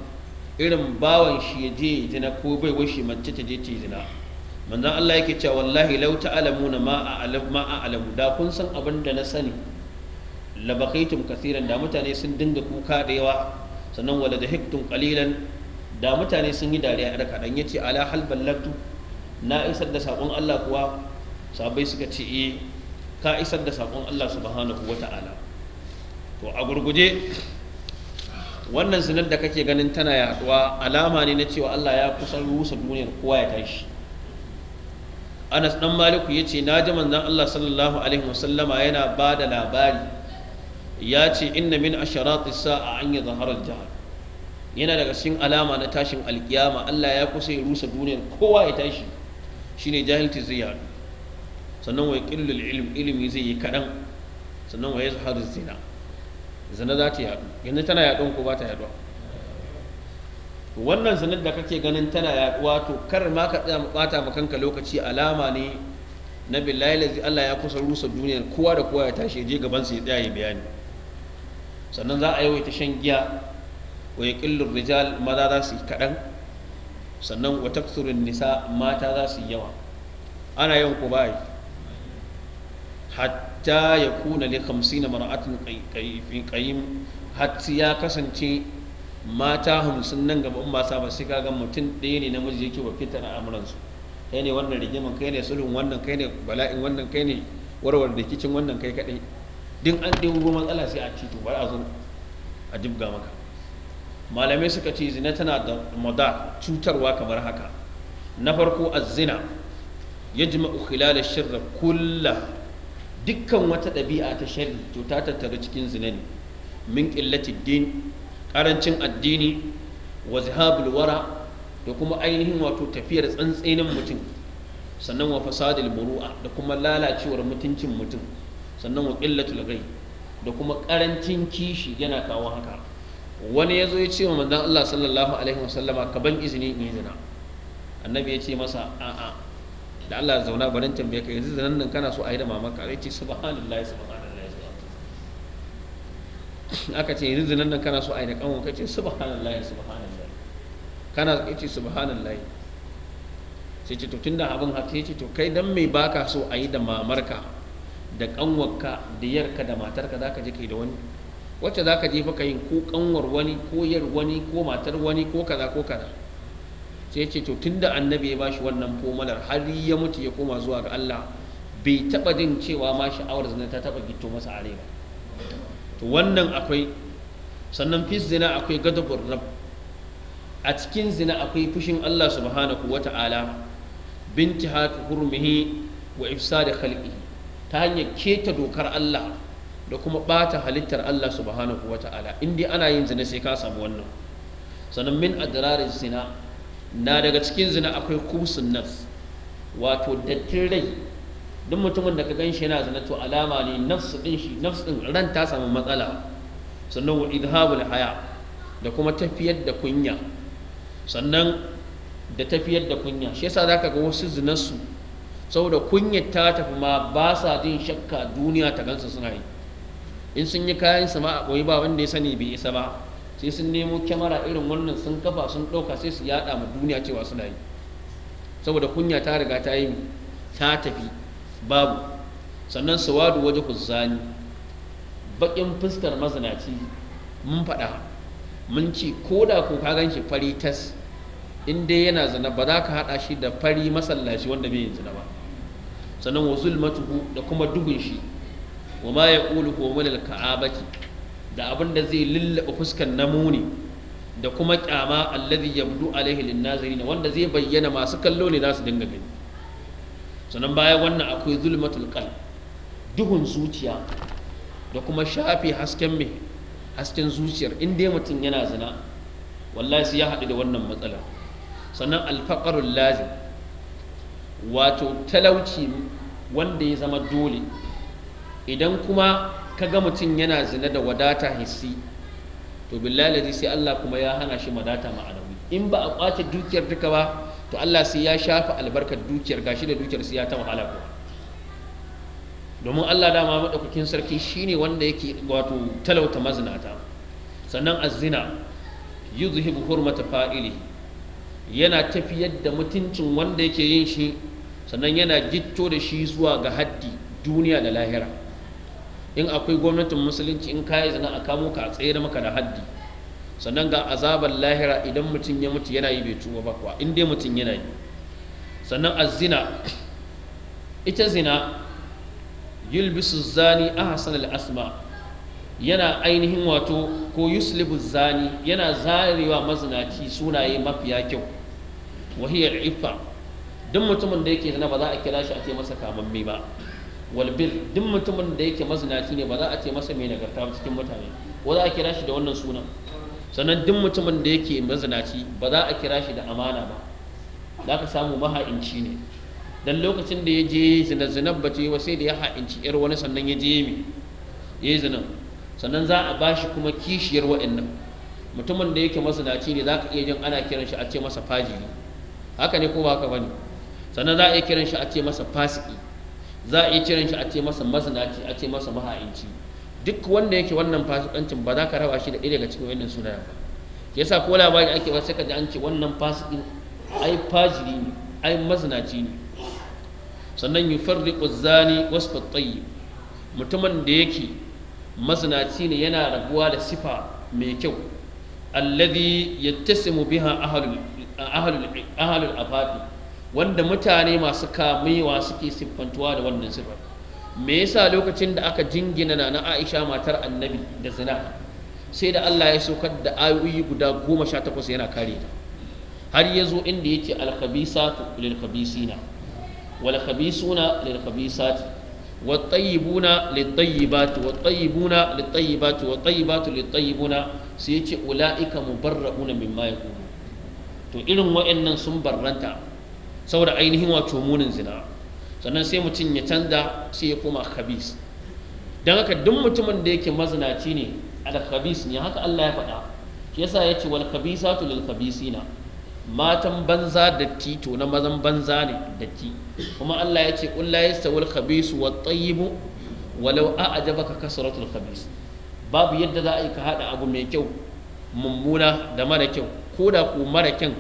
irin bawan shi ya je jina ko bai washe mace ta je ta zina manzon Allah yake cewa wallahi law ta'lamuna a'lamu ma a'lamu da kun san abin da na sani labakaitum kasiran da mutane sun dinga kuka da yawa sannan wala da hiktun kalilan da mutane sun yi dariya da kaɗan ya ce ala hal ballatu na isar da saƙon Allah kuwa sabai suka ce eh ka isar da saƙon Allah subhanahu wa ta'ala to a gurguje wannan zinar da kake ganin tana yaduwa alama ne na cewa Allah ya kusan rusa duniyar kowa ya tashi anas dan maliku ya ce na ji manzon allah sallallahu alaihi wasallama yana ba da labari ya ce inna min asharati sa'a an yadhhara zaharar jahl yana daga cikin alama na tashin alkiyama Allah ya kusa ya rusa duniyar kowa ya tashi shine jahilci zai yaɗu sannan wai qillul ilm ilimi zai yi kaɗan sannan wai yazharu zina zina za ta yaɗu yanzu tana yaɗuwa ko ba ta yaɗuwa wannan zinar da kake ganin tana yaɗuwa to kar ma ka tsaya bata ma kanka lokaci alama ne na billahi lazi Allah ya kusa rusa duniyar kowa da kowa ya tashi ya je gaban sa ya tsaya ya bayani sannan za a yawaita shan giya wai yaqillu rijal maza za su yi kaɗan sannan wata kusurin nisa mata za su yi yawa ana yawan ku bayi hatta ya kuna li na mara'atun qayyim hatta ya kasance mata hamsin nan gaba in ba sa ba sai ga mutum ɗaya ne namiji yake wa fitar al'amuransu kai ne wannan rigiman kai ne sulhun wannan kai ne bala'in wannan kai ne warware rikicin wannan kai kaɗai din an ɗebo matsala sai a ci to bari a zo a jibga maka malamai suka ce zina tana da mada cutarwa kamar haka na farko azzina ya jima da shirra kulla dukkan wata ɗabi'a ta shari to ta tattaru cikin zina ne min ƙillatin din ƙarancin addini wa zihabul wara da kuma ainihin wato tafiyar tsantsinin mutum sannan wa fasadil muru'a da kuma lalacewar mutuncin mutum sannan wa qillatul ghai da kuma karancin kishi yana kawo haka wani ya zo ya ce wa manzon Allah sallallahu alaihi wasallama ka ban izini in zina annabi ya ce masa a'a da Allah zauna barin tambaye ka yanzu zanan nan kana so a yi da mamaka zai ce aka ce yanzu nan kana so a yi da kanwa ka ce subhanallahi subhanallahi kana ka ce sai ce to tunda abin haka ya ce to kai dan me baka so a yi da mamarka da kanwarka da yarka da matarka za ka je kai da wani wacce za ka je fa yin ko kanwar wani ko yar wani ko matar wani ko kaza ko kaza sai ya ce to tunda annabi ya bashi wannan fomalar har ya mutu ya koma zuwa ga Allah bai taba jin cewa ma sha'awar zina ta taba gito masa are ba to wannan akwai sannan fis zina akwai gadabur rab a cikin zina akwai fushin Allah subhanahu wata'ala binti hatu hurmihi wa ifsad khalqihi ta hanyar keta dokar Allah da kuma ɓata halittar Allah subhanahu wa ta'ala in dai ana yin zina sai ka samu wannan sannan min adrarin zina na daga cikin zina akwai kusun nas wato dattin rai duk mutumin da ka gan shi yana zina to alama ne nafs din shi nafs din ran ta samu matsala sannan wa idhabul haya da kuma tafiyar da kunya sannan da tafiyar da kunya shi yasa zaka ga wasu zinarsu saboda kunya ta tafi ma ba sa jin shakka duniya ta gansu suna yi in sun yi kayan sama a koyi ba wanda ya sani bai isa ba sai sun nemo kyamara irin wannan sun kafa sun ɗauka sai su yaɗa ma duniya cewa suna yi saboda kunya ta riga ta yi ta tafi babu sannan su wadu waje ku zani baƙin fuskar mazinaci mun faɗa mun ce ko da ko ka gan shi fari tas in dai yana zina ba za ka haɗa shi da fari masallaci wanda bai yin zina ba sannan wa zulmatuhu da kuma duhun shi wa ma yaqulu huwa min al-ka'abati da abin da zai lullaba fuskar namuni da kuma kyama alladhi yabdu alaihi lin-nazirin wanda zai bayyana masu kallo ne za su dinga gani sannan bayan wannan akwai zulmatul qalb duhun zuciya da kuma shafi hasken hasken zuciyar in dai mutum yana zina wallahi sai ya haɗu da wannan matsalar sannan alfaƙarun lazim wato talauci wanda ya zama dole idan kuma ka ga mutum yana zina da wadata hissi to billahi sai Allah kuma ya hana shi wadata ma'anawi in ba a kwace dukiyar duka ba to Allah sai ya shafa albarkar dukiyar gashi da dukiyar sai ya ta wahala kuwa domin Allah dama madaukakin sarki shine wanda yake wato talauta mazinata sannan azzina yuzhibu hurmata fa'ili yana tafiyar da mutuncin wanda yake yin shi sannan yana jitto da shi zuwa ga haddi duniya da lahira in akwai gwamnatin musulunci in kayi zina a kamo ka a tsere maka da haddi sannan ga azabar lahira idan mutum ya mutu yana yi bai tuba ba kuwa in dai mutum yana yi sannan zina ita zina yulbisu zani ahsan al-asma yana ainihin wato ko yuslibu zani yana zarewa mazinaci sunaye mafiya kyau wahiyar ifa duk mutumin da yake zina ba za a kira shi a ce masa kamamme ba walbir duk mutumin da yake mazinaci ne ba za a ce masa mai nagarta cikin mutane ko za a kira shi da wannan sunan sannan duk mutumin da yake mazinaci ba za a kira shi da amana ba za ka samu maha'inci ne dan lokacin da ya je zina zinan ba ce wa sai da ya ha'inci yar wani sannan ya je mai ya yi zinan sannan za a ba shi kuma kishiyar wa'annan mutumin da yake mazinaci ne za ka iya jin ana kiran shi a ce masa fajiri haka ne ko ba haka ba ne sannan za a iya kiran shi a ce masa fasiki za a iya kiran shi a ce masa mazinaci a ce masa maha'inci duk wanda yake wannan fasikancin ba za ka raba shi da ɗaya daga cikin wannan sunayen ba ke yasa ko labari ake ba sai ka ji an ce wannan fasikin ai fajiri ne ai mazinaci ne sannan yufarriqu zani wasu tayyib mutumin da yake mazinaci ne yana raguwa da sifa mai kyau alladhi yattasimu biha ahlul ahlul ahlul afafi wanda mutane masu kamewa suke siffantuwa da wannan sifar me yasa lokacin da aka jingina na na Aisha matar Annabi da zina sai da Allah ya saukar da ayoyi guda goma sha takwas yana kare ta har ya zo inda yake alkhabisatu lil khabisina wal khabisuna lil khabisati wat tayyibuna lit tayyibati wat tayyibuna lit tayyibati wat tayyibatu lit tayyibuna sai yace ulaika mubarrauna mimma yaqulu to irin wa'annan sun barranta saboda ainihin wato munin zina sannan sai mutum ya canza sai ya koma khabis don haka duk mutumin da yake mazinaci ne al khabis ne haka Allah ya faɗa shi yasa ya ce wal khabisatu lil khabisina matan banza datti to na mazan banza ne datti kuma Allah ya ce qul la yastawil khabisu wat tayyibu walau a'jabaka kasratul khabis babu yadda za a yi ka haɗa abu mai kyau mummuna da mara kyau ko da ku mara kyan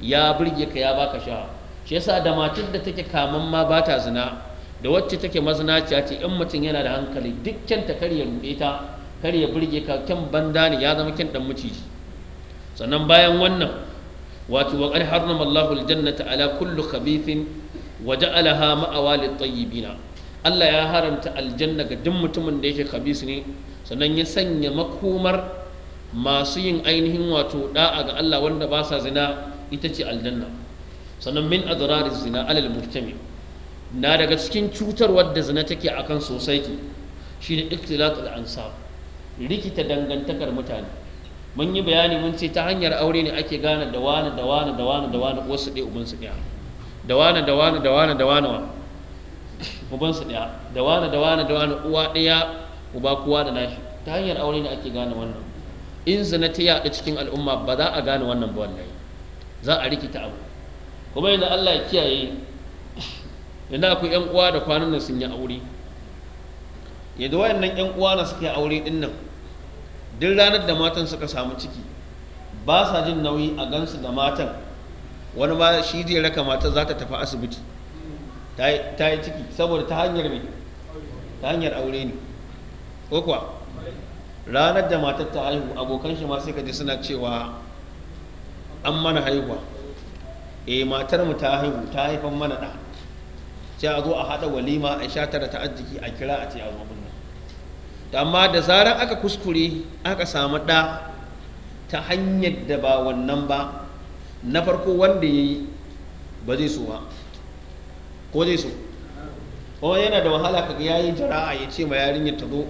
ya burge ka ya baka sha'a shi yasa da matar da take kaman ma ba ta zina da wacce take mazinaciya ce in mutum yana da hankali dukkan ta kar ya ruɗe ta kar ya burge ka kyan banda ne ya zama kyan dan maciji sannan bayan wannan wato wa qad harrama Allahu aljannata ala kulli khabithin wa ja'alaha ma'awa lit-tayyibina Allah ya haramta aljanna ga duk mutumin da yake khabis ne sannan ya sanya makomar masu yin ainihin wato da'a ga Allah wanda ba sa zina ita ce aljanna sannan min adrar zina alal mujtami na daga cikin cutarwar da zina take akan society shine ikhtilat al ansab rikita dangantakar mutane mun yi bayani mun ce ta hanyar aure ne ake gane da wani da wani da wani da wani wasu ɗaya uban su ɗaya da wani da wani da wani da wani uban su ɗaya da wani da wani da wani uwa ɗaya uba kowa da nashi ta hanyar aure ne ake gane wannan in zina ta yaɗa cikin al'umma ba za a gane wannan ba wallahi za a rikita abu kuma yana Allah ya kiyaye yana akwai yan uwa da kwanan nan sun yi aure yadda wayannan yan uwa na suka yi aure din nan duk ranar da matan suka samu ciki ba sa jin nauyi a gansu da matan wani ma shi zai raka matar za ta tafi asibiti ta yi ciki saboda ta hanyar mai ta hanyar aure ne ko ranar da matar ta haihu abokan shi ma sai ka ji suna cewa an mana haihuwa eh matar mu ta haihu ta haifan mana da sai a zo a hada walima a sha tara ta arziki a kira a ce a zo to amma da zarar aka kuskure aka samu da ta hanyar da ba wannan ba na farko wanda ya yi ba zai so ba ko zai so kuma yana da wahala kaga ya yi jara'a ya ce ma yarinyar ta zo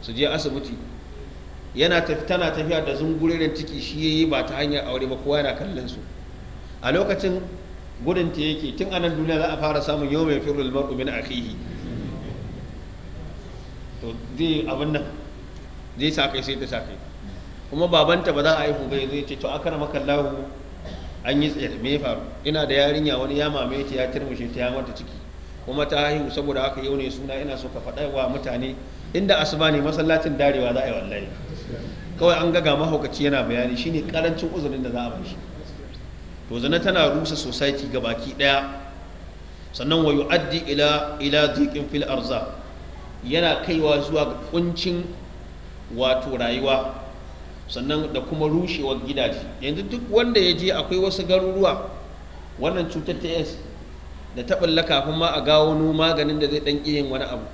su je asibiti yana tafi tana tafiya da zungurerin ciki shi ya ba ta hanyar aure ba kowa yana kallon su a lokacin gudun ta yake tun anan duniya za a fara samun yau mai firul mar'u min akhihi to zai abin nan zai sa kai sai ta sa kai kuma babanta ba za a haihu bai zai ce to akara maka lahu an yi tsayar me faru ina da yarinya wani ya mame ta ya turmushe ta ya mata ciki kuma ta haihu saboda haka yau ne suna ina so ka faɗa wa mutane inda asuba ne masallacin darewa za a yi wallahi kawai an gaga mahaukaci yana bayani shine karancin uzurin da za a bashi to zina tana rusa society baki daya sannan wa yu'addi ila ila dhiqin fil arza yana kaiwa zuwa ga kuncin wato rayuwa sannan da kuma rushewar gidaje yanzu duk wanda ya je akwai wasu garuruwa wannan cutar ta yes da ta ballaka kafin ma a gawo no maganin da zai dan yin wani abu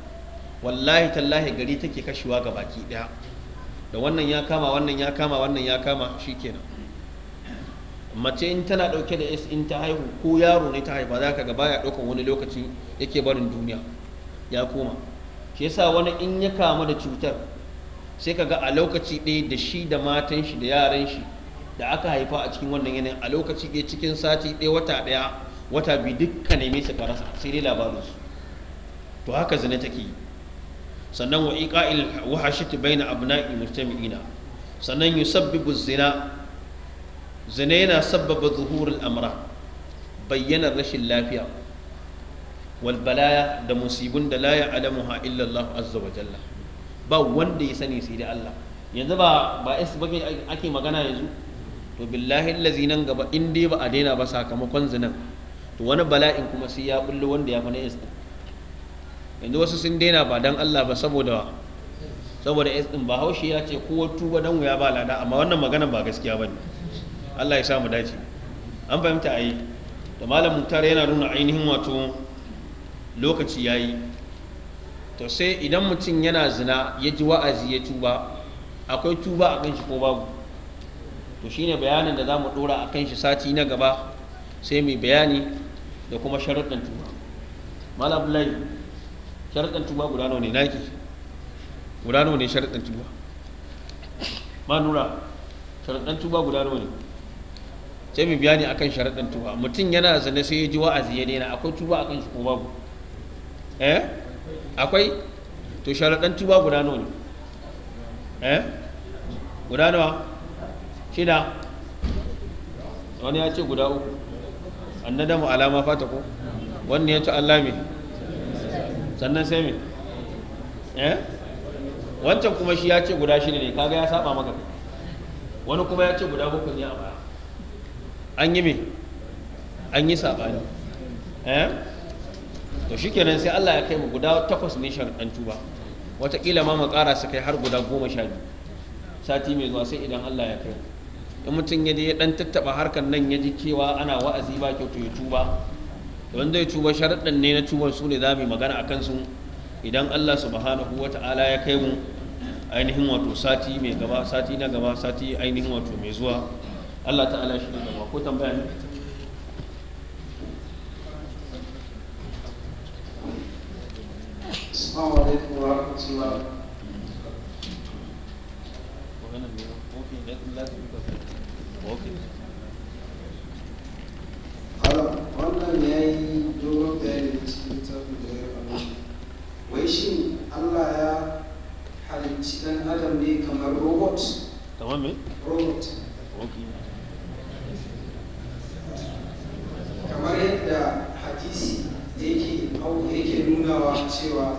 wallahi tallahi gari take kashewa baki daya da wannan ya kama wannan ya kama wannan ya kama shikenan mace in tana dauke da in ta haihu ko yaro ne ta haifa za ka ga baya daukan wani lokaci yake barin duniya ya koma shi yasa wani in ya kama da cutar sai ka ga a lokaci ɗaya da shi da matan shi da yaran shi da aka haifa a cikin wannan yanayin a lokaci ɗaya cikin sati ɗaya wata ɗaya wata biyu dukkan neme su ka rasa sai dai labarin su to haka zina take yi sannan wa iqa'il wahashati baina abna'i mustami'ina sannan yusabbibu zina zina yana sabbaba zuhurul amra bayyanar rashin lafiya wal balaya da musibin da la ya'lamuha illa azza wa jalla ba wanda ya sani sai da Allah yanzu ba ba is ake magana yanzu to billahi allazi nan gaba in dai ba a daina ba sakamakon zinan to wani bala'in kuma sai ya bullo wanda ya fi na is yanzu wasu sun daina ba dan Allah ba saboda saboda is din ba haushi ya ce kowa tuba dan wuya ba lada amma wannan magana ba gaskiya bane Allah ya samu dace an fahimta a yi da malam muktar yana nuna ainihin wato lokaci ya yi to sai idan mutum yana zina ya ji wa'azi ya tuba akwai tuba a kanshi ko babu to shine bayanin da za mu dora a kanshi sati na gaba sai mai bayani da kuma sharaɗin tuba malam abdullahi sharaɗin tuba guda nawa ne naki guda nawa ne sharaɗin tuba ma nura sharaɗin tuba guda nawa ne sai mu biya ne akan sharaɗin tuba mutum yana zane sai ya ji wa'azi ya daina akwai tuba akan shi ko babu eh akwai to sharaɗin tuba guda nawa ne eh guda nawa shida wani ya ce guda uku mu alama fata ko wanda ya ci Allah me sannan sai me eh wancan kuma shi ya ce guda shida ne kaga ya saba maka wani kuma ya ce guda bakwai ne a baya an yi me an yi saɓani eh? to shi kenan sai Allah ya kai mu guda takwas ne sharɗantu tuba watakila ma mu ƙara su kai har guda goma sha biyu sati mai zuwa sai idan Allah ya kai in mutum ya je ya dan tattaba harkar nan ya ji cewa ana wa'azi ba kyau to ya tuba wanda ya tuba sharaɗin ne na tuban su ne za mu yi magana a su idan Allah subhanahu wataala ya kai mu ainihin wato sati mai gaba sati na gaba sati ainihin wato mai zuwa Allah ta'ala shi ne da ko tambaya ne Assalamu alaikum wa rahmatullahi وهنا ممكن لازم يبقى ممكن wannan ya yi dogon bayani cikin littafin da ya faru wai shi allah ya halicci dan adam ne kamar robot kamar me robot okay kamar yadda hadisi yake da yake nunawa cewa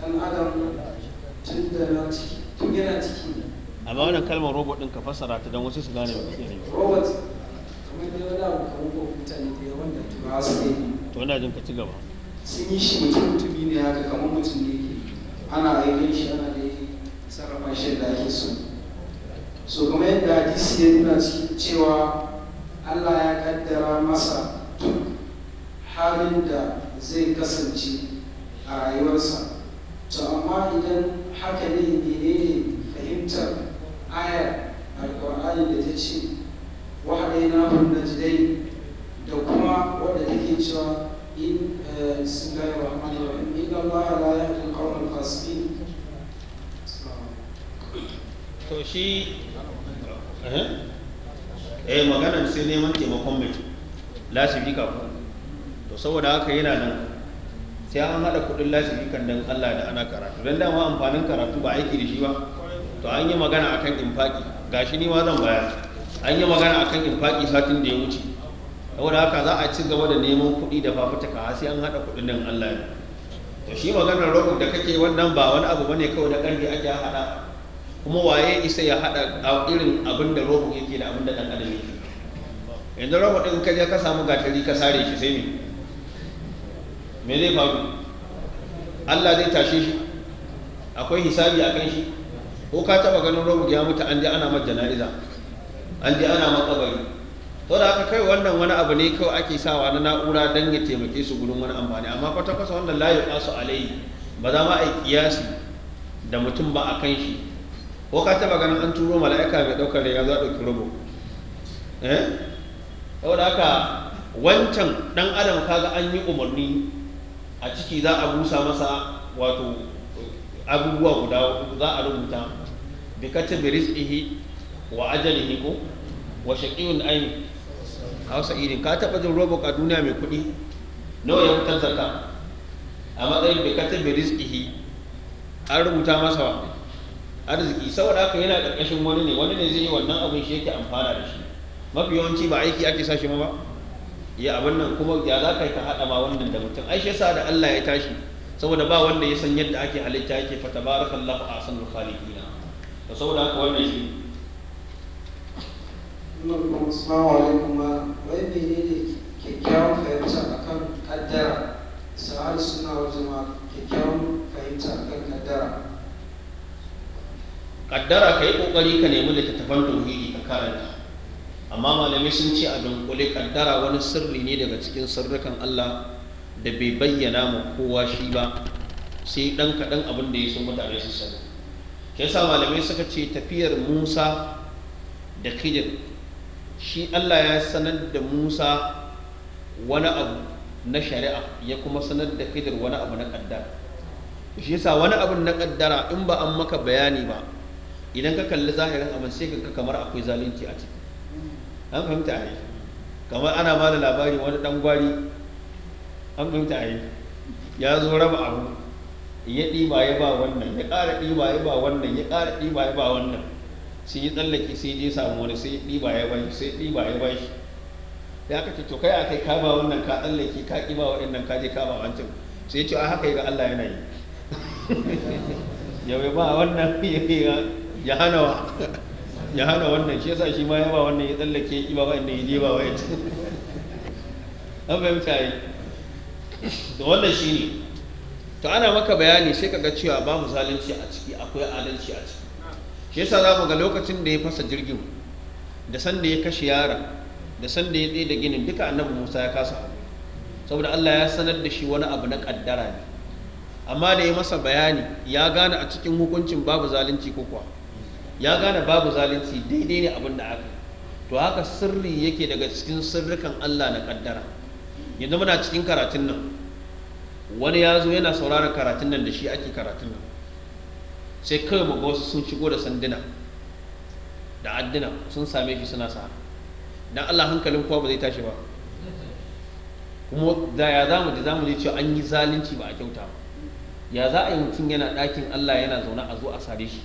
dan adam tun da na ciki tun yana ciki amma wannan kalmar robot din ka fassara ta don wasu su gane ba kake ne robot kamar da wani abu kamar ko mutane da da ba su ne to ina jin ka ci gaba sun yi shi mutum mutumi ne haka kamar mutum ne ana aikin shi ana da sarrafa shi da ake so so kuma yadda hadisi ya nuna cewa Allah ya kaddara masa halin da zai kasance a rayuwarsa to amma idan haka ne ne fahimtar ayar alkur'ani da ta ce wahadai na hunna jidai da kuma wadda take cewa in eh, bismillahir rahmanir rahim in Allah la laya da qawmal fasiki to shi eh, eh maganar sai neman taimakon mai lasifika ko saboda haka yana nan sai an haɗa kuɗin lasifi kan dan Allah da ana karatu dan dama amfanin karatu ba aiki da shi ba to an yi magana akan infaki gashi ni ma zan bayar an yi magana akan infaki satin da ya wuce saboda haka za a ci gaba da neman kuɗi da fafutuka sai an haɗa kuɗin dan Allah ne to shi maganar roƙo da kake wannan ba wani abu bane kawai da ƙarfi ake haɗa kuma waye isa ya haɗa a irin abin da roƙo yake da abin da ɗan adam yake yanzu roƙo ɗin ka je ka samu gatari ka sare shi sai ne me zai faru Allah zai tashe shi akwai hisabi a kan shi ko ka taba ganin rogo ya mutu an je ana mar jana'iza an je ana mar kabari to da aka kai wannan wani abu ne kawai ake sawa na na'ura don ya taimake su gurin wani amfani amma kwata kwata wannan la yuqasu alai ba za ma a kiyasi da mutum ba a kan shi ko ka taba ganin an turo mala'ika mai daukar riga za a dauki rogo eh da aka wancan dan adam kaga an yi umarni a ciki za a busa masa wato abubuwa guda za a rubuta bi bi rizqihi wa ajalihi ko wa shaqiyun ayn hausa irin ka taba jin robok a duniya mai kuɗi nawa ya fitar zakka a matsayin bi katabi rizqihi an rubuta masa wa arziki saboda haka yana ƙarƙashin wani ne wani ne zai yi wannan abin shi yake amfana da shi mafi yawanci ba aiki ake sashi ma ba ya abin nan kuma ya za ka yi ka haɗa ba wannan da mutum ai shi yasa da Allah ya tashi saboda ba wanda ya san yadda ake halitta yake fa tabarakallahu ahsanul khaliqina to saboda haka wannan shi Assalamu alaikum wai menene kyakkyawan fahimta akan kaddara sa'ar suna wajen ma kyakkyawan fahimta akan kaddara kaddara ka yi kokari ka nemi littattafan tauhidi ka karanta amma malamai sun ce a dunkule kaddara wani sirri ne daga cikin sirrukan Allah da bai bayyana ma kowa shi ba sai dan kaɗan abin da ya so mutane su sani ke sa malamai suka ce tafiyar Musa da Khidir shi Allah ya sanar da Musa wani abu na shari'a ya kuma sanar da Khidir wani abu na kaddara shi yasa wani abu na kaddara in ba an maka bayani ba idan ka kalli zahirin abin sai ka kamar akwai zalunci a ciki an fahimta a yi kamar ana ba da labari wani dan gwari an fahimta a yi ya zo raba abu ya ɗiba ya ba wannan ya ƙara ɗiba ya ba wannan ya ƙara ɗiba ya ba wannan sai ya tsallake sai je samu wani sai ɗiba ya bashi sai ɗiba ya bashi da aka ce to kai a kai ka ba wannan ka tsallake ka ƙi ba waɗannan ka je ka ba wancan sai ce a haka ga Allah yana yi ya ba wannan ya hana wa ya hana wannan shi yasa shi ma ya ba wannan ya tsallake ba wannan ya je ba wa yace an fahimta yi da wannan shi ne to ana maka bayani sai kaga cewa babu zalunci a ciki akwai adalci a ciki shi yasa za mu ga lokacin da ya fasa jirgin da sanda ya kashe yaron da sanda ya tsaye da ginin duka annabi musa ya kasa saboda allah ya sanar da shi wani abu na kaddara ne amma da ya masa bayani ya gane a cikin hukuncin babu zalunci ko kuwa ya gane babu zalunci daidai ne abinda da aka to haka sirri yake daga cikin sirrikan Allah na kaddara yanzu muna cikin karatun nan wani ya zo yana sauraron karatun nan da shi ake karatun nan sai kawai mu wasu sun shigo da sanduna da addina sun same shi suna sa dan Allah hankalin kowa ba zai tashi ba kuma da ya zamu da zamu ji cewa an yi zalunci ba a kyauta ba ya za a yi mutum yana ɗakin Allah yana zaune a zo a sare shi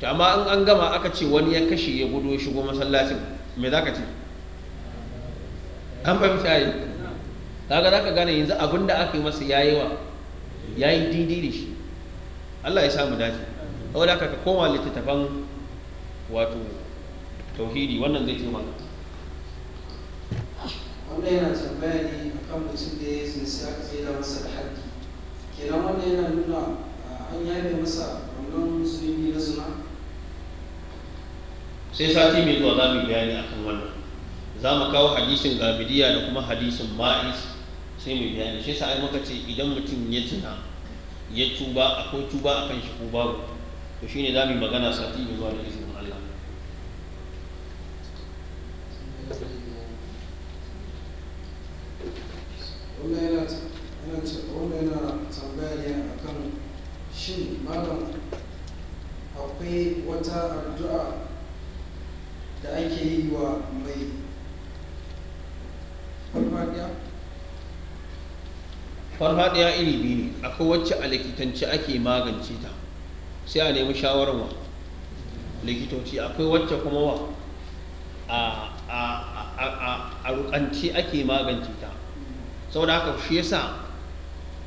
to amma in an gama aka ce wani ya kashe ya gudu ya shigo masallacin me za ka ce an fahimta yi kaga za ka gane yanzu abin da aka yi masa ya yi wa ya yi daidai da shi Allah ya samu dace saboda haka ka koma littattafan wato tauhidi wannan zai taimaka wanda yana tambaya ne a kan mutum da ya yi sai aka tsaye da masa da haƙƙi kenan wannan yana nuna ah, an yaye masa sai sati mai zuwa za mu bayani akan wannan za mu kawo hadisin gabidiya da kuma hadisin ma'is sai mu bayani shi sa'ai maka ce idan mutum ya tuna ya tuba akwai tuba akan shi ko babu to shine za mu yi magana sati mai zuwa da izinin Allah wannan yana tambaya ne kan shin malam akwai wata addu'a da ake yi wa mai farfadiya farfadiya iri biyu ne akwai wacce a likitanci ake magance ta sai a nemi shawarar wa likitoci akwai wacce kuma wa a rukanci ake magance ta saboda haka shi yasa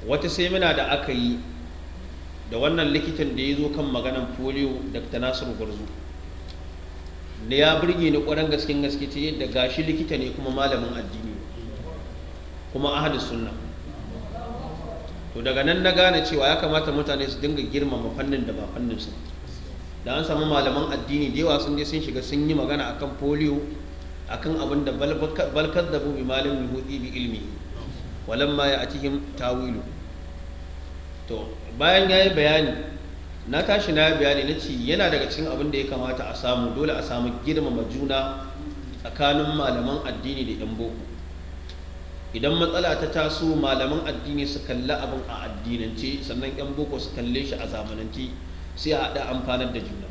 wata semina da aka yi da wannan likitan da ya zo kan maganan polio ta nasiru gwarzo da ya birge ni kwaran gaskin gaske ce yadda gashi likita ne kuma malamin addini kuma ahadis sunna to daga nan na gane cewa ya kamata mutane su dinga girmama fannin da ba fannin su da an samu malaman addini da yawa sun je sun shiga sun yi magana akan polio akan abin da balkar da bubi malamin hudi bi ilmi walamma ya atihim tawilu to bayan ya yi bayani na tashi na bayani na ce yana daga cikin abin da ya kamata a samu dole a samu girmama juna tsakanin malaman addini da 'yan boko idan matsala ta taso malaman addini su kalli abin a addinance sannan 'yan boko su kalle shi a zamanance sai a haɗa amfanar da juna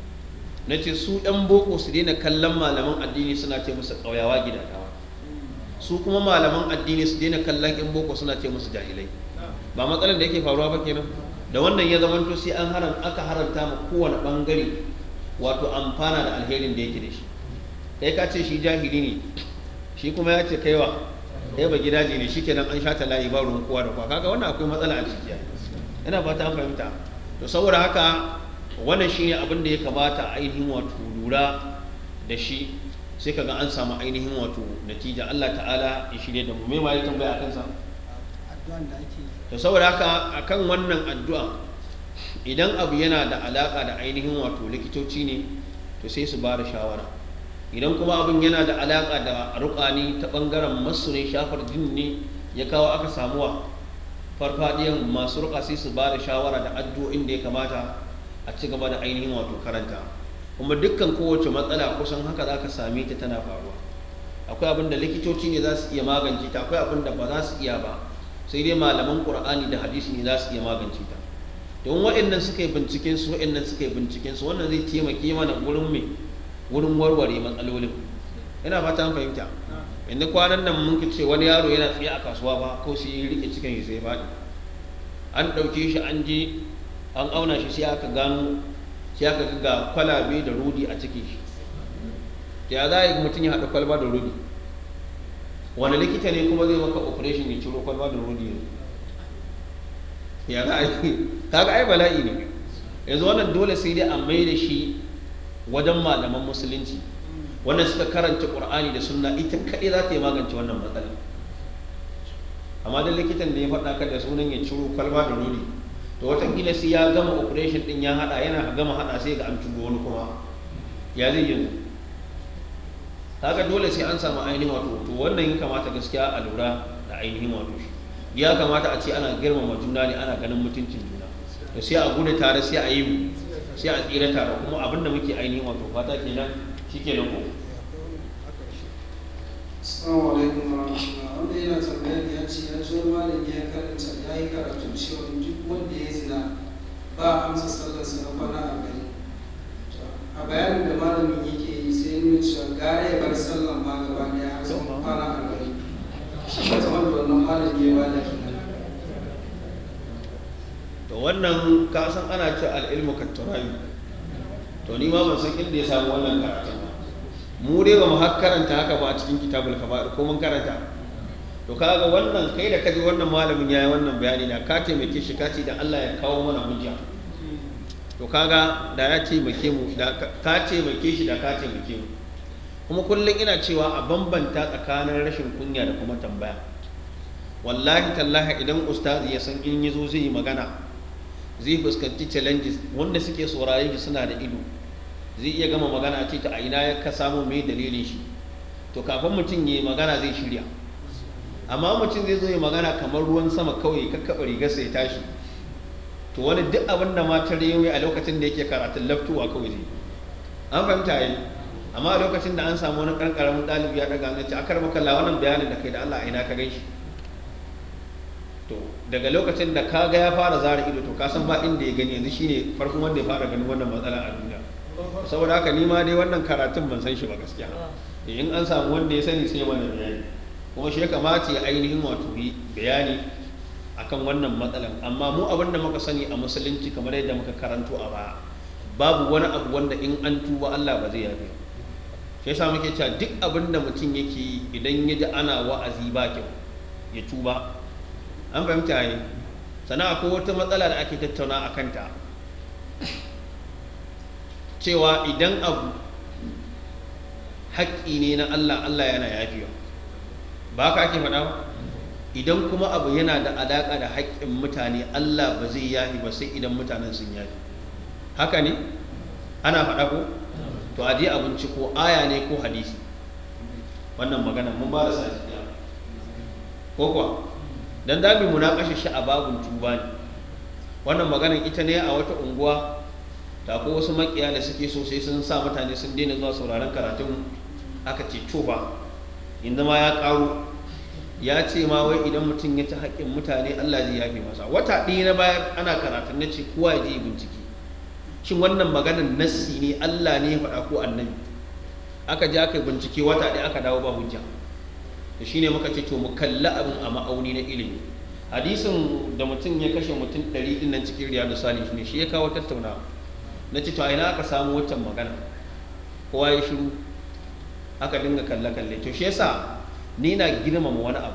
na ce su 'yan boko su daina kallon malaman addini suna ce musu ƙauyawa gidadawa su kuma malaman addini su daina kallon 'yan boko suna ce musu jahilai ba matsalar da yake faruwa ba kenan da wannan ya zamanto sai an haram aka haramta ma kowane bangare wato amfana da alherin da yake da shi ɗaya ka ce shi jahili ne shi kuma ya ce kaiwa ɗaya ba gidaje ne shi kenan an shata layi ba ruwan kowa da kwa kaga wannan akwai matsala a ciki yana fata an fahimta to saboda haka wannan shine abin da ya kamata ainihin wato lura da shi sai kaga an samu ainihin wato natija Allah ta'ala ya shirya da mu me ma ya tambaya akan sa to saboda haka kan wannan addu'a idan abu yana da alaka da ainihin wato likitoci ne to sai su ba shawara idan kuma abin yana da alaka da rukani ta bangaren masu shafar jin ne ya kawo aka samuwa farfadiyan masu ruka sai su ba da shawara da addu'o'in da ya kamata a ci gaba da ainihin wato karanta kuma dukkan kowace matsala kusan haka za ka same ta tana faruwa akwai abin da likitoci ne za su iya magance ta akwai abin da ba za su iya ba sai dai malaman qur'ani da hadisi ne za su iya magance ta don waɗannan suka yi binciken su waɗannan suka yi binciken su wannan zai taimake mana gurin me gurin warware matsalolin yana fata an fahimta inda kwanan nan mun ce wani yaro yana tsaye a kasuwa ba ko sai ya rike cikin shi sai faɗi an ɗauke shi an je an auna shi sai aka gano sai aka ga kwalabe da rudi a cikin shi ya za a yi mutum ya haɗa kwalba da rudi wani likita ne kuma zai maka operation ya ciro kwalba da rodi ne ya za a yi ga ai bala'i ne yanzu wannan dole sai dai a mai da shi wajen malaman musulunci wannan suka karanta qur'ani da sunna ita kaɗe za ta yi magance wannan matsalar amma dan likitan da ya faɗa ka da sunan ya ciro kwalba da rodi to watakila sai ya gama operation din ya haɗa yana gama haɗa sai ga an cigo wani kuma ya zai yanzu kaga dole sai an samu ainihin wato to wannan ya kamata gaskiya a lura da ainihin wato shi ya kamata a ce ana girmama juna ne ana ganin mutuncin juna to sai a gudu tare sai a yi sai a tsira tare kuma abin da muke ainihin wato fata kenan shike da ku Assalamu alaikum wanda yana tambayar ya ce ya zo ya karanta ya yi karatu cewa duk wanda ya zina ba amsa sallar sa na kwana a a bayanin da malamin yake wannan ka san ana ce al'ilmu katturayu to ni ma ban san inda ya samu wannan karatun mu dai ba mu karanta haka ba a cikin kitabul kaba'ir ko mun karanta to kaga wannan kai da kaji wannan malamin yayi wannan bayani na ka taimake shi kaci da Allah ya kawo mana hujja to kaga da ya taimake mu da ka taimake shi da ka taimake mu kuma kullum ina cewa a bambanta tsakanin rashin kunya da kuma tambaya wallahi tallahi idan ustazi ya san in yazo zai yi magana zai fuskanci challenges wanda suke saurare shi suna da ido zai iya gama magana a ce ta a ya ka samu mai dalilin shi to kafin mutum ya yi magana zai shirya amma mutum zai zo ya magana kamar ruwan sama kawai kakkaɓa rigarsa ya tashi to wani duk abin da matar yau a lokacin da yake karatun laftuwa kawai zai an fahimta yi amma a lokacin da an samu wani kankaramin ɗalibi ya daga hannu ce a karɓa kalla wannan bayanin da kai da Allah ina ka gaishe to daga lokacin da ka ga ya fara zara ido to ka san ba inda ya gani yanzu shine farkon wanda ya fara ganin wannan matsala a duniya saboda haka ni ma dai wannan karatun ban san shi ba gaskiya eh, in an samu wanda ya sani sai mana bayani kuma shi ya kamata ya ainihin wato bayani akan wannan matsalan amma mu abin da muka sani a musulunci kamar yadda muka karanto a baya babu wani abu wanda in an tuba Allah ba zai yafe shi yasa muke cewa duk abin da mutum yake yi idan ya ji ana wa'azi ba kyau ya tuba an fahimta ne sannan akwai wata matsala da ake tattauna a kanta cewa idan abu haƙƙi ne na Allah Allah yana yafiya ba ka ake faɗa idan kuma abu yana da alaƙa da haƙƙin mutane Allah ba zai yahi ba sai idan mutanen sun yafi haka ne ana faɗa ko to a je abinci ko aya ne ko hadisi wannan magana mun ba da sa ko kuwa dan na kashe shi a babun tuba ne wannan magana ita ne a wata unguwa ta ko wasu makiya da suke so sai sun sa mutane sun daina zuwa sauraron karatun aka ce tuba inda ma ya karo ya ce ma wai idan mutum ya ci haƙƙin mutane Allah zai yafe masa wata ɗaya na baya ana karatun na ce kowa ya je bincike shin wannan maganar nassi ne Allah ne ya faɗa ko annabi aka je aka bincike wata ɗaya aka dawo ba hujja to shine muka ce to mu kalla abin a ma'auni na ilimi hadisin da mutum ya kashe mutum ɗari ɗin nan cikin riyadu salih ne shi ya kawo tattaunawa na ce to a ina aka samu wancan magana kowa ya shiru aka dinga kalle kalle to shi yasa ni na girmama wani abu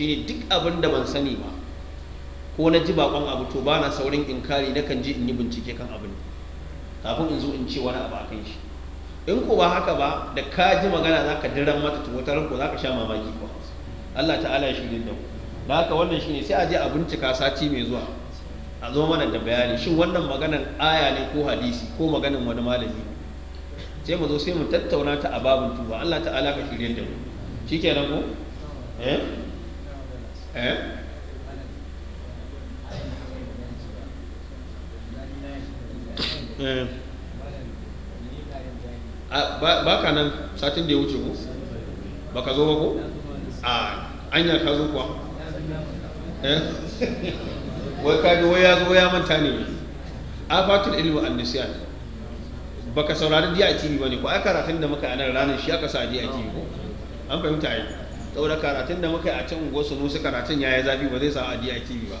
ne duk abin da ban sani ba ko na ji bakon abu to ba na saurin kare na kan ji in yi bincike kan abin kafin in zo in ce wani abu akan shi in ko ba haka ba da ka ji magana za ka diran mata to wata ranko za ka sha mamaki ko? Allah ta'ala ya shirye da da haka wannan shi ne sai a je a bincika sati mai zuwa a zo mana da bayani shin wannan maganan aya ne ko hadisi ko maganan wani malami sai mu zo sai mu tattauna ta a babin tuba Allah ta'ala ka shirye da mu shi ke ku eh? eh? eh. ba ka nan satin da ya wuce ku? ba ka zo ba ku a anya ka zo kuwa? eh? wai kaji wai ya zo ya manta ne a fatul ilmu an nisyan baka saurari diya a DITV ba ne ko ai karatun da muka yanar ranar shi aka sa a diya DITV ko? an fahimta yi saboda karatun da muka yi a can unguwar su karatun ya yi zafi ba zai sa a DITV ba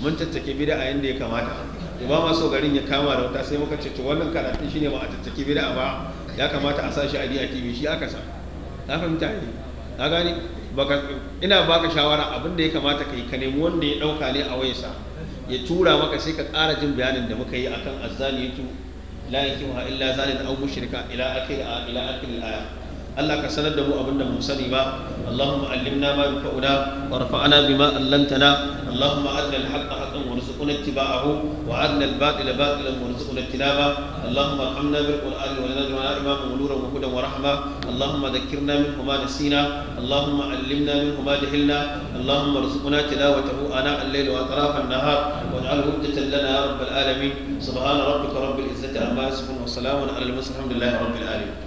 mun tattake bida a yadda ya kamata ba ma so garin ya kama da wata sai muka ce to wannan karatun shine ba a tattake bida ba ya kamata a sa shi a DITV shi aka sa na fahimta yi na gani ina baka shawara abin da ya kamata ka yi ka nemi wanda ya dauka ne a wayarsa ya tura maka sai ka ƙara jin bayanin da muka yi akan azzaliyatu la yakimu illa zalin aw mushrika ila a ila ake al-aya الله كسند دمو أبدا مسلي ما اللهم علمنا ما ينفعنا ورفعنا بما علمتنا اللهم أدنا الحق حقا وارزقنا اتباعه وأدنا الباطل باطلا وارزقنا اجتنابه اللهم ارحمنا بالقرآن ونجعلنا إماما ونورا وهدى ورحمة اللهم ذكرنا من ما نسينا اللهم علمنا من ما جهلنا اللهم ارزقنا تلاوته أنا الليل وأطراف النهار واجعله عدة لنا يا رب العالمين سبحان ربك رب العزة عما يصفون وسلام على المسلمين لله رب العالمين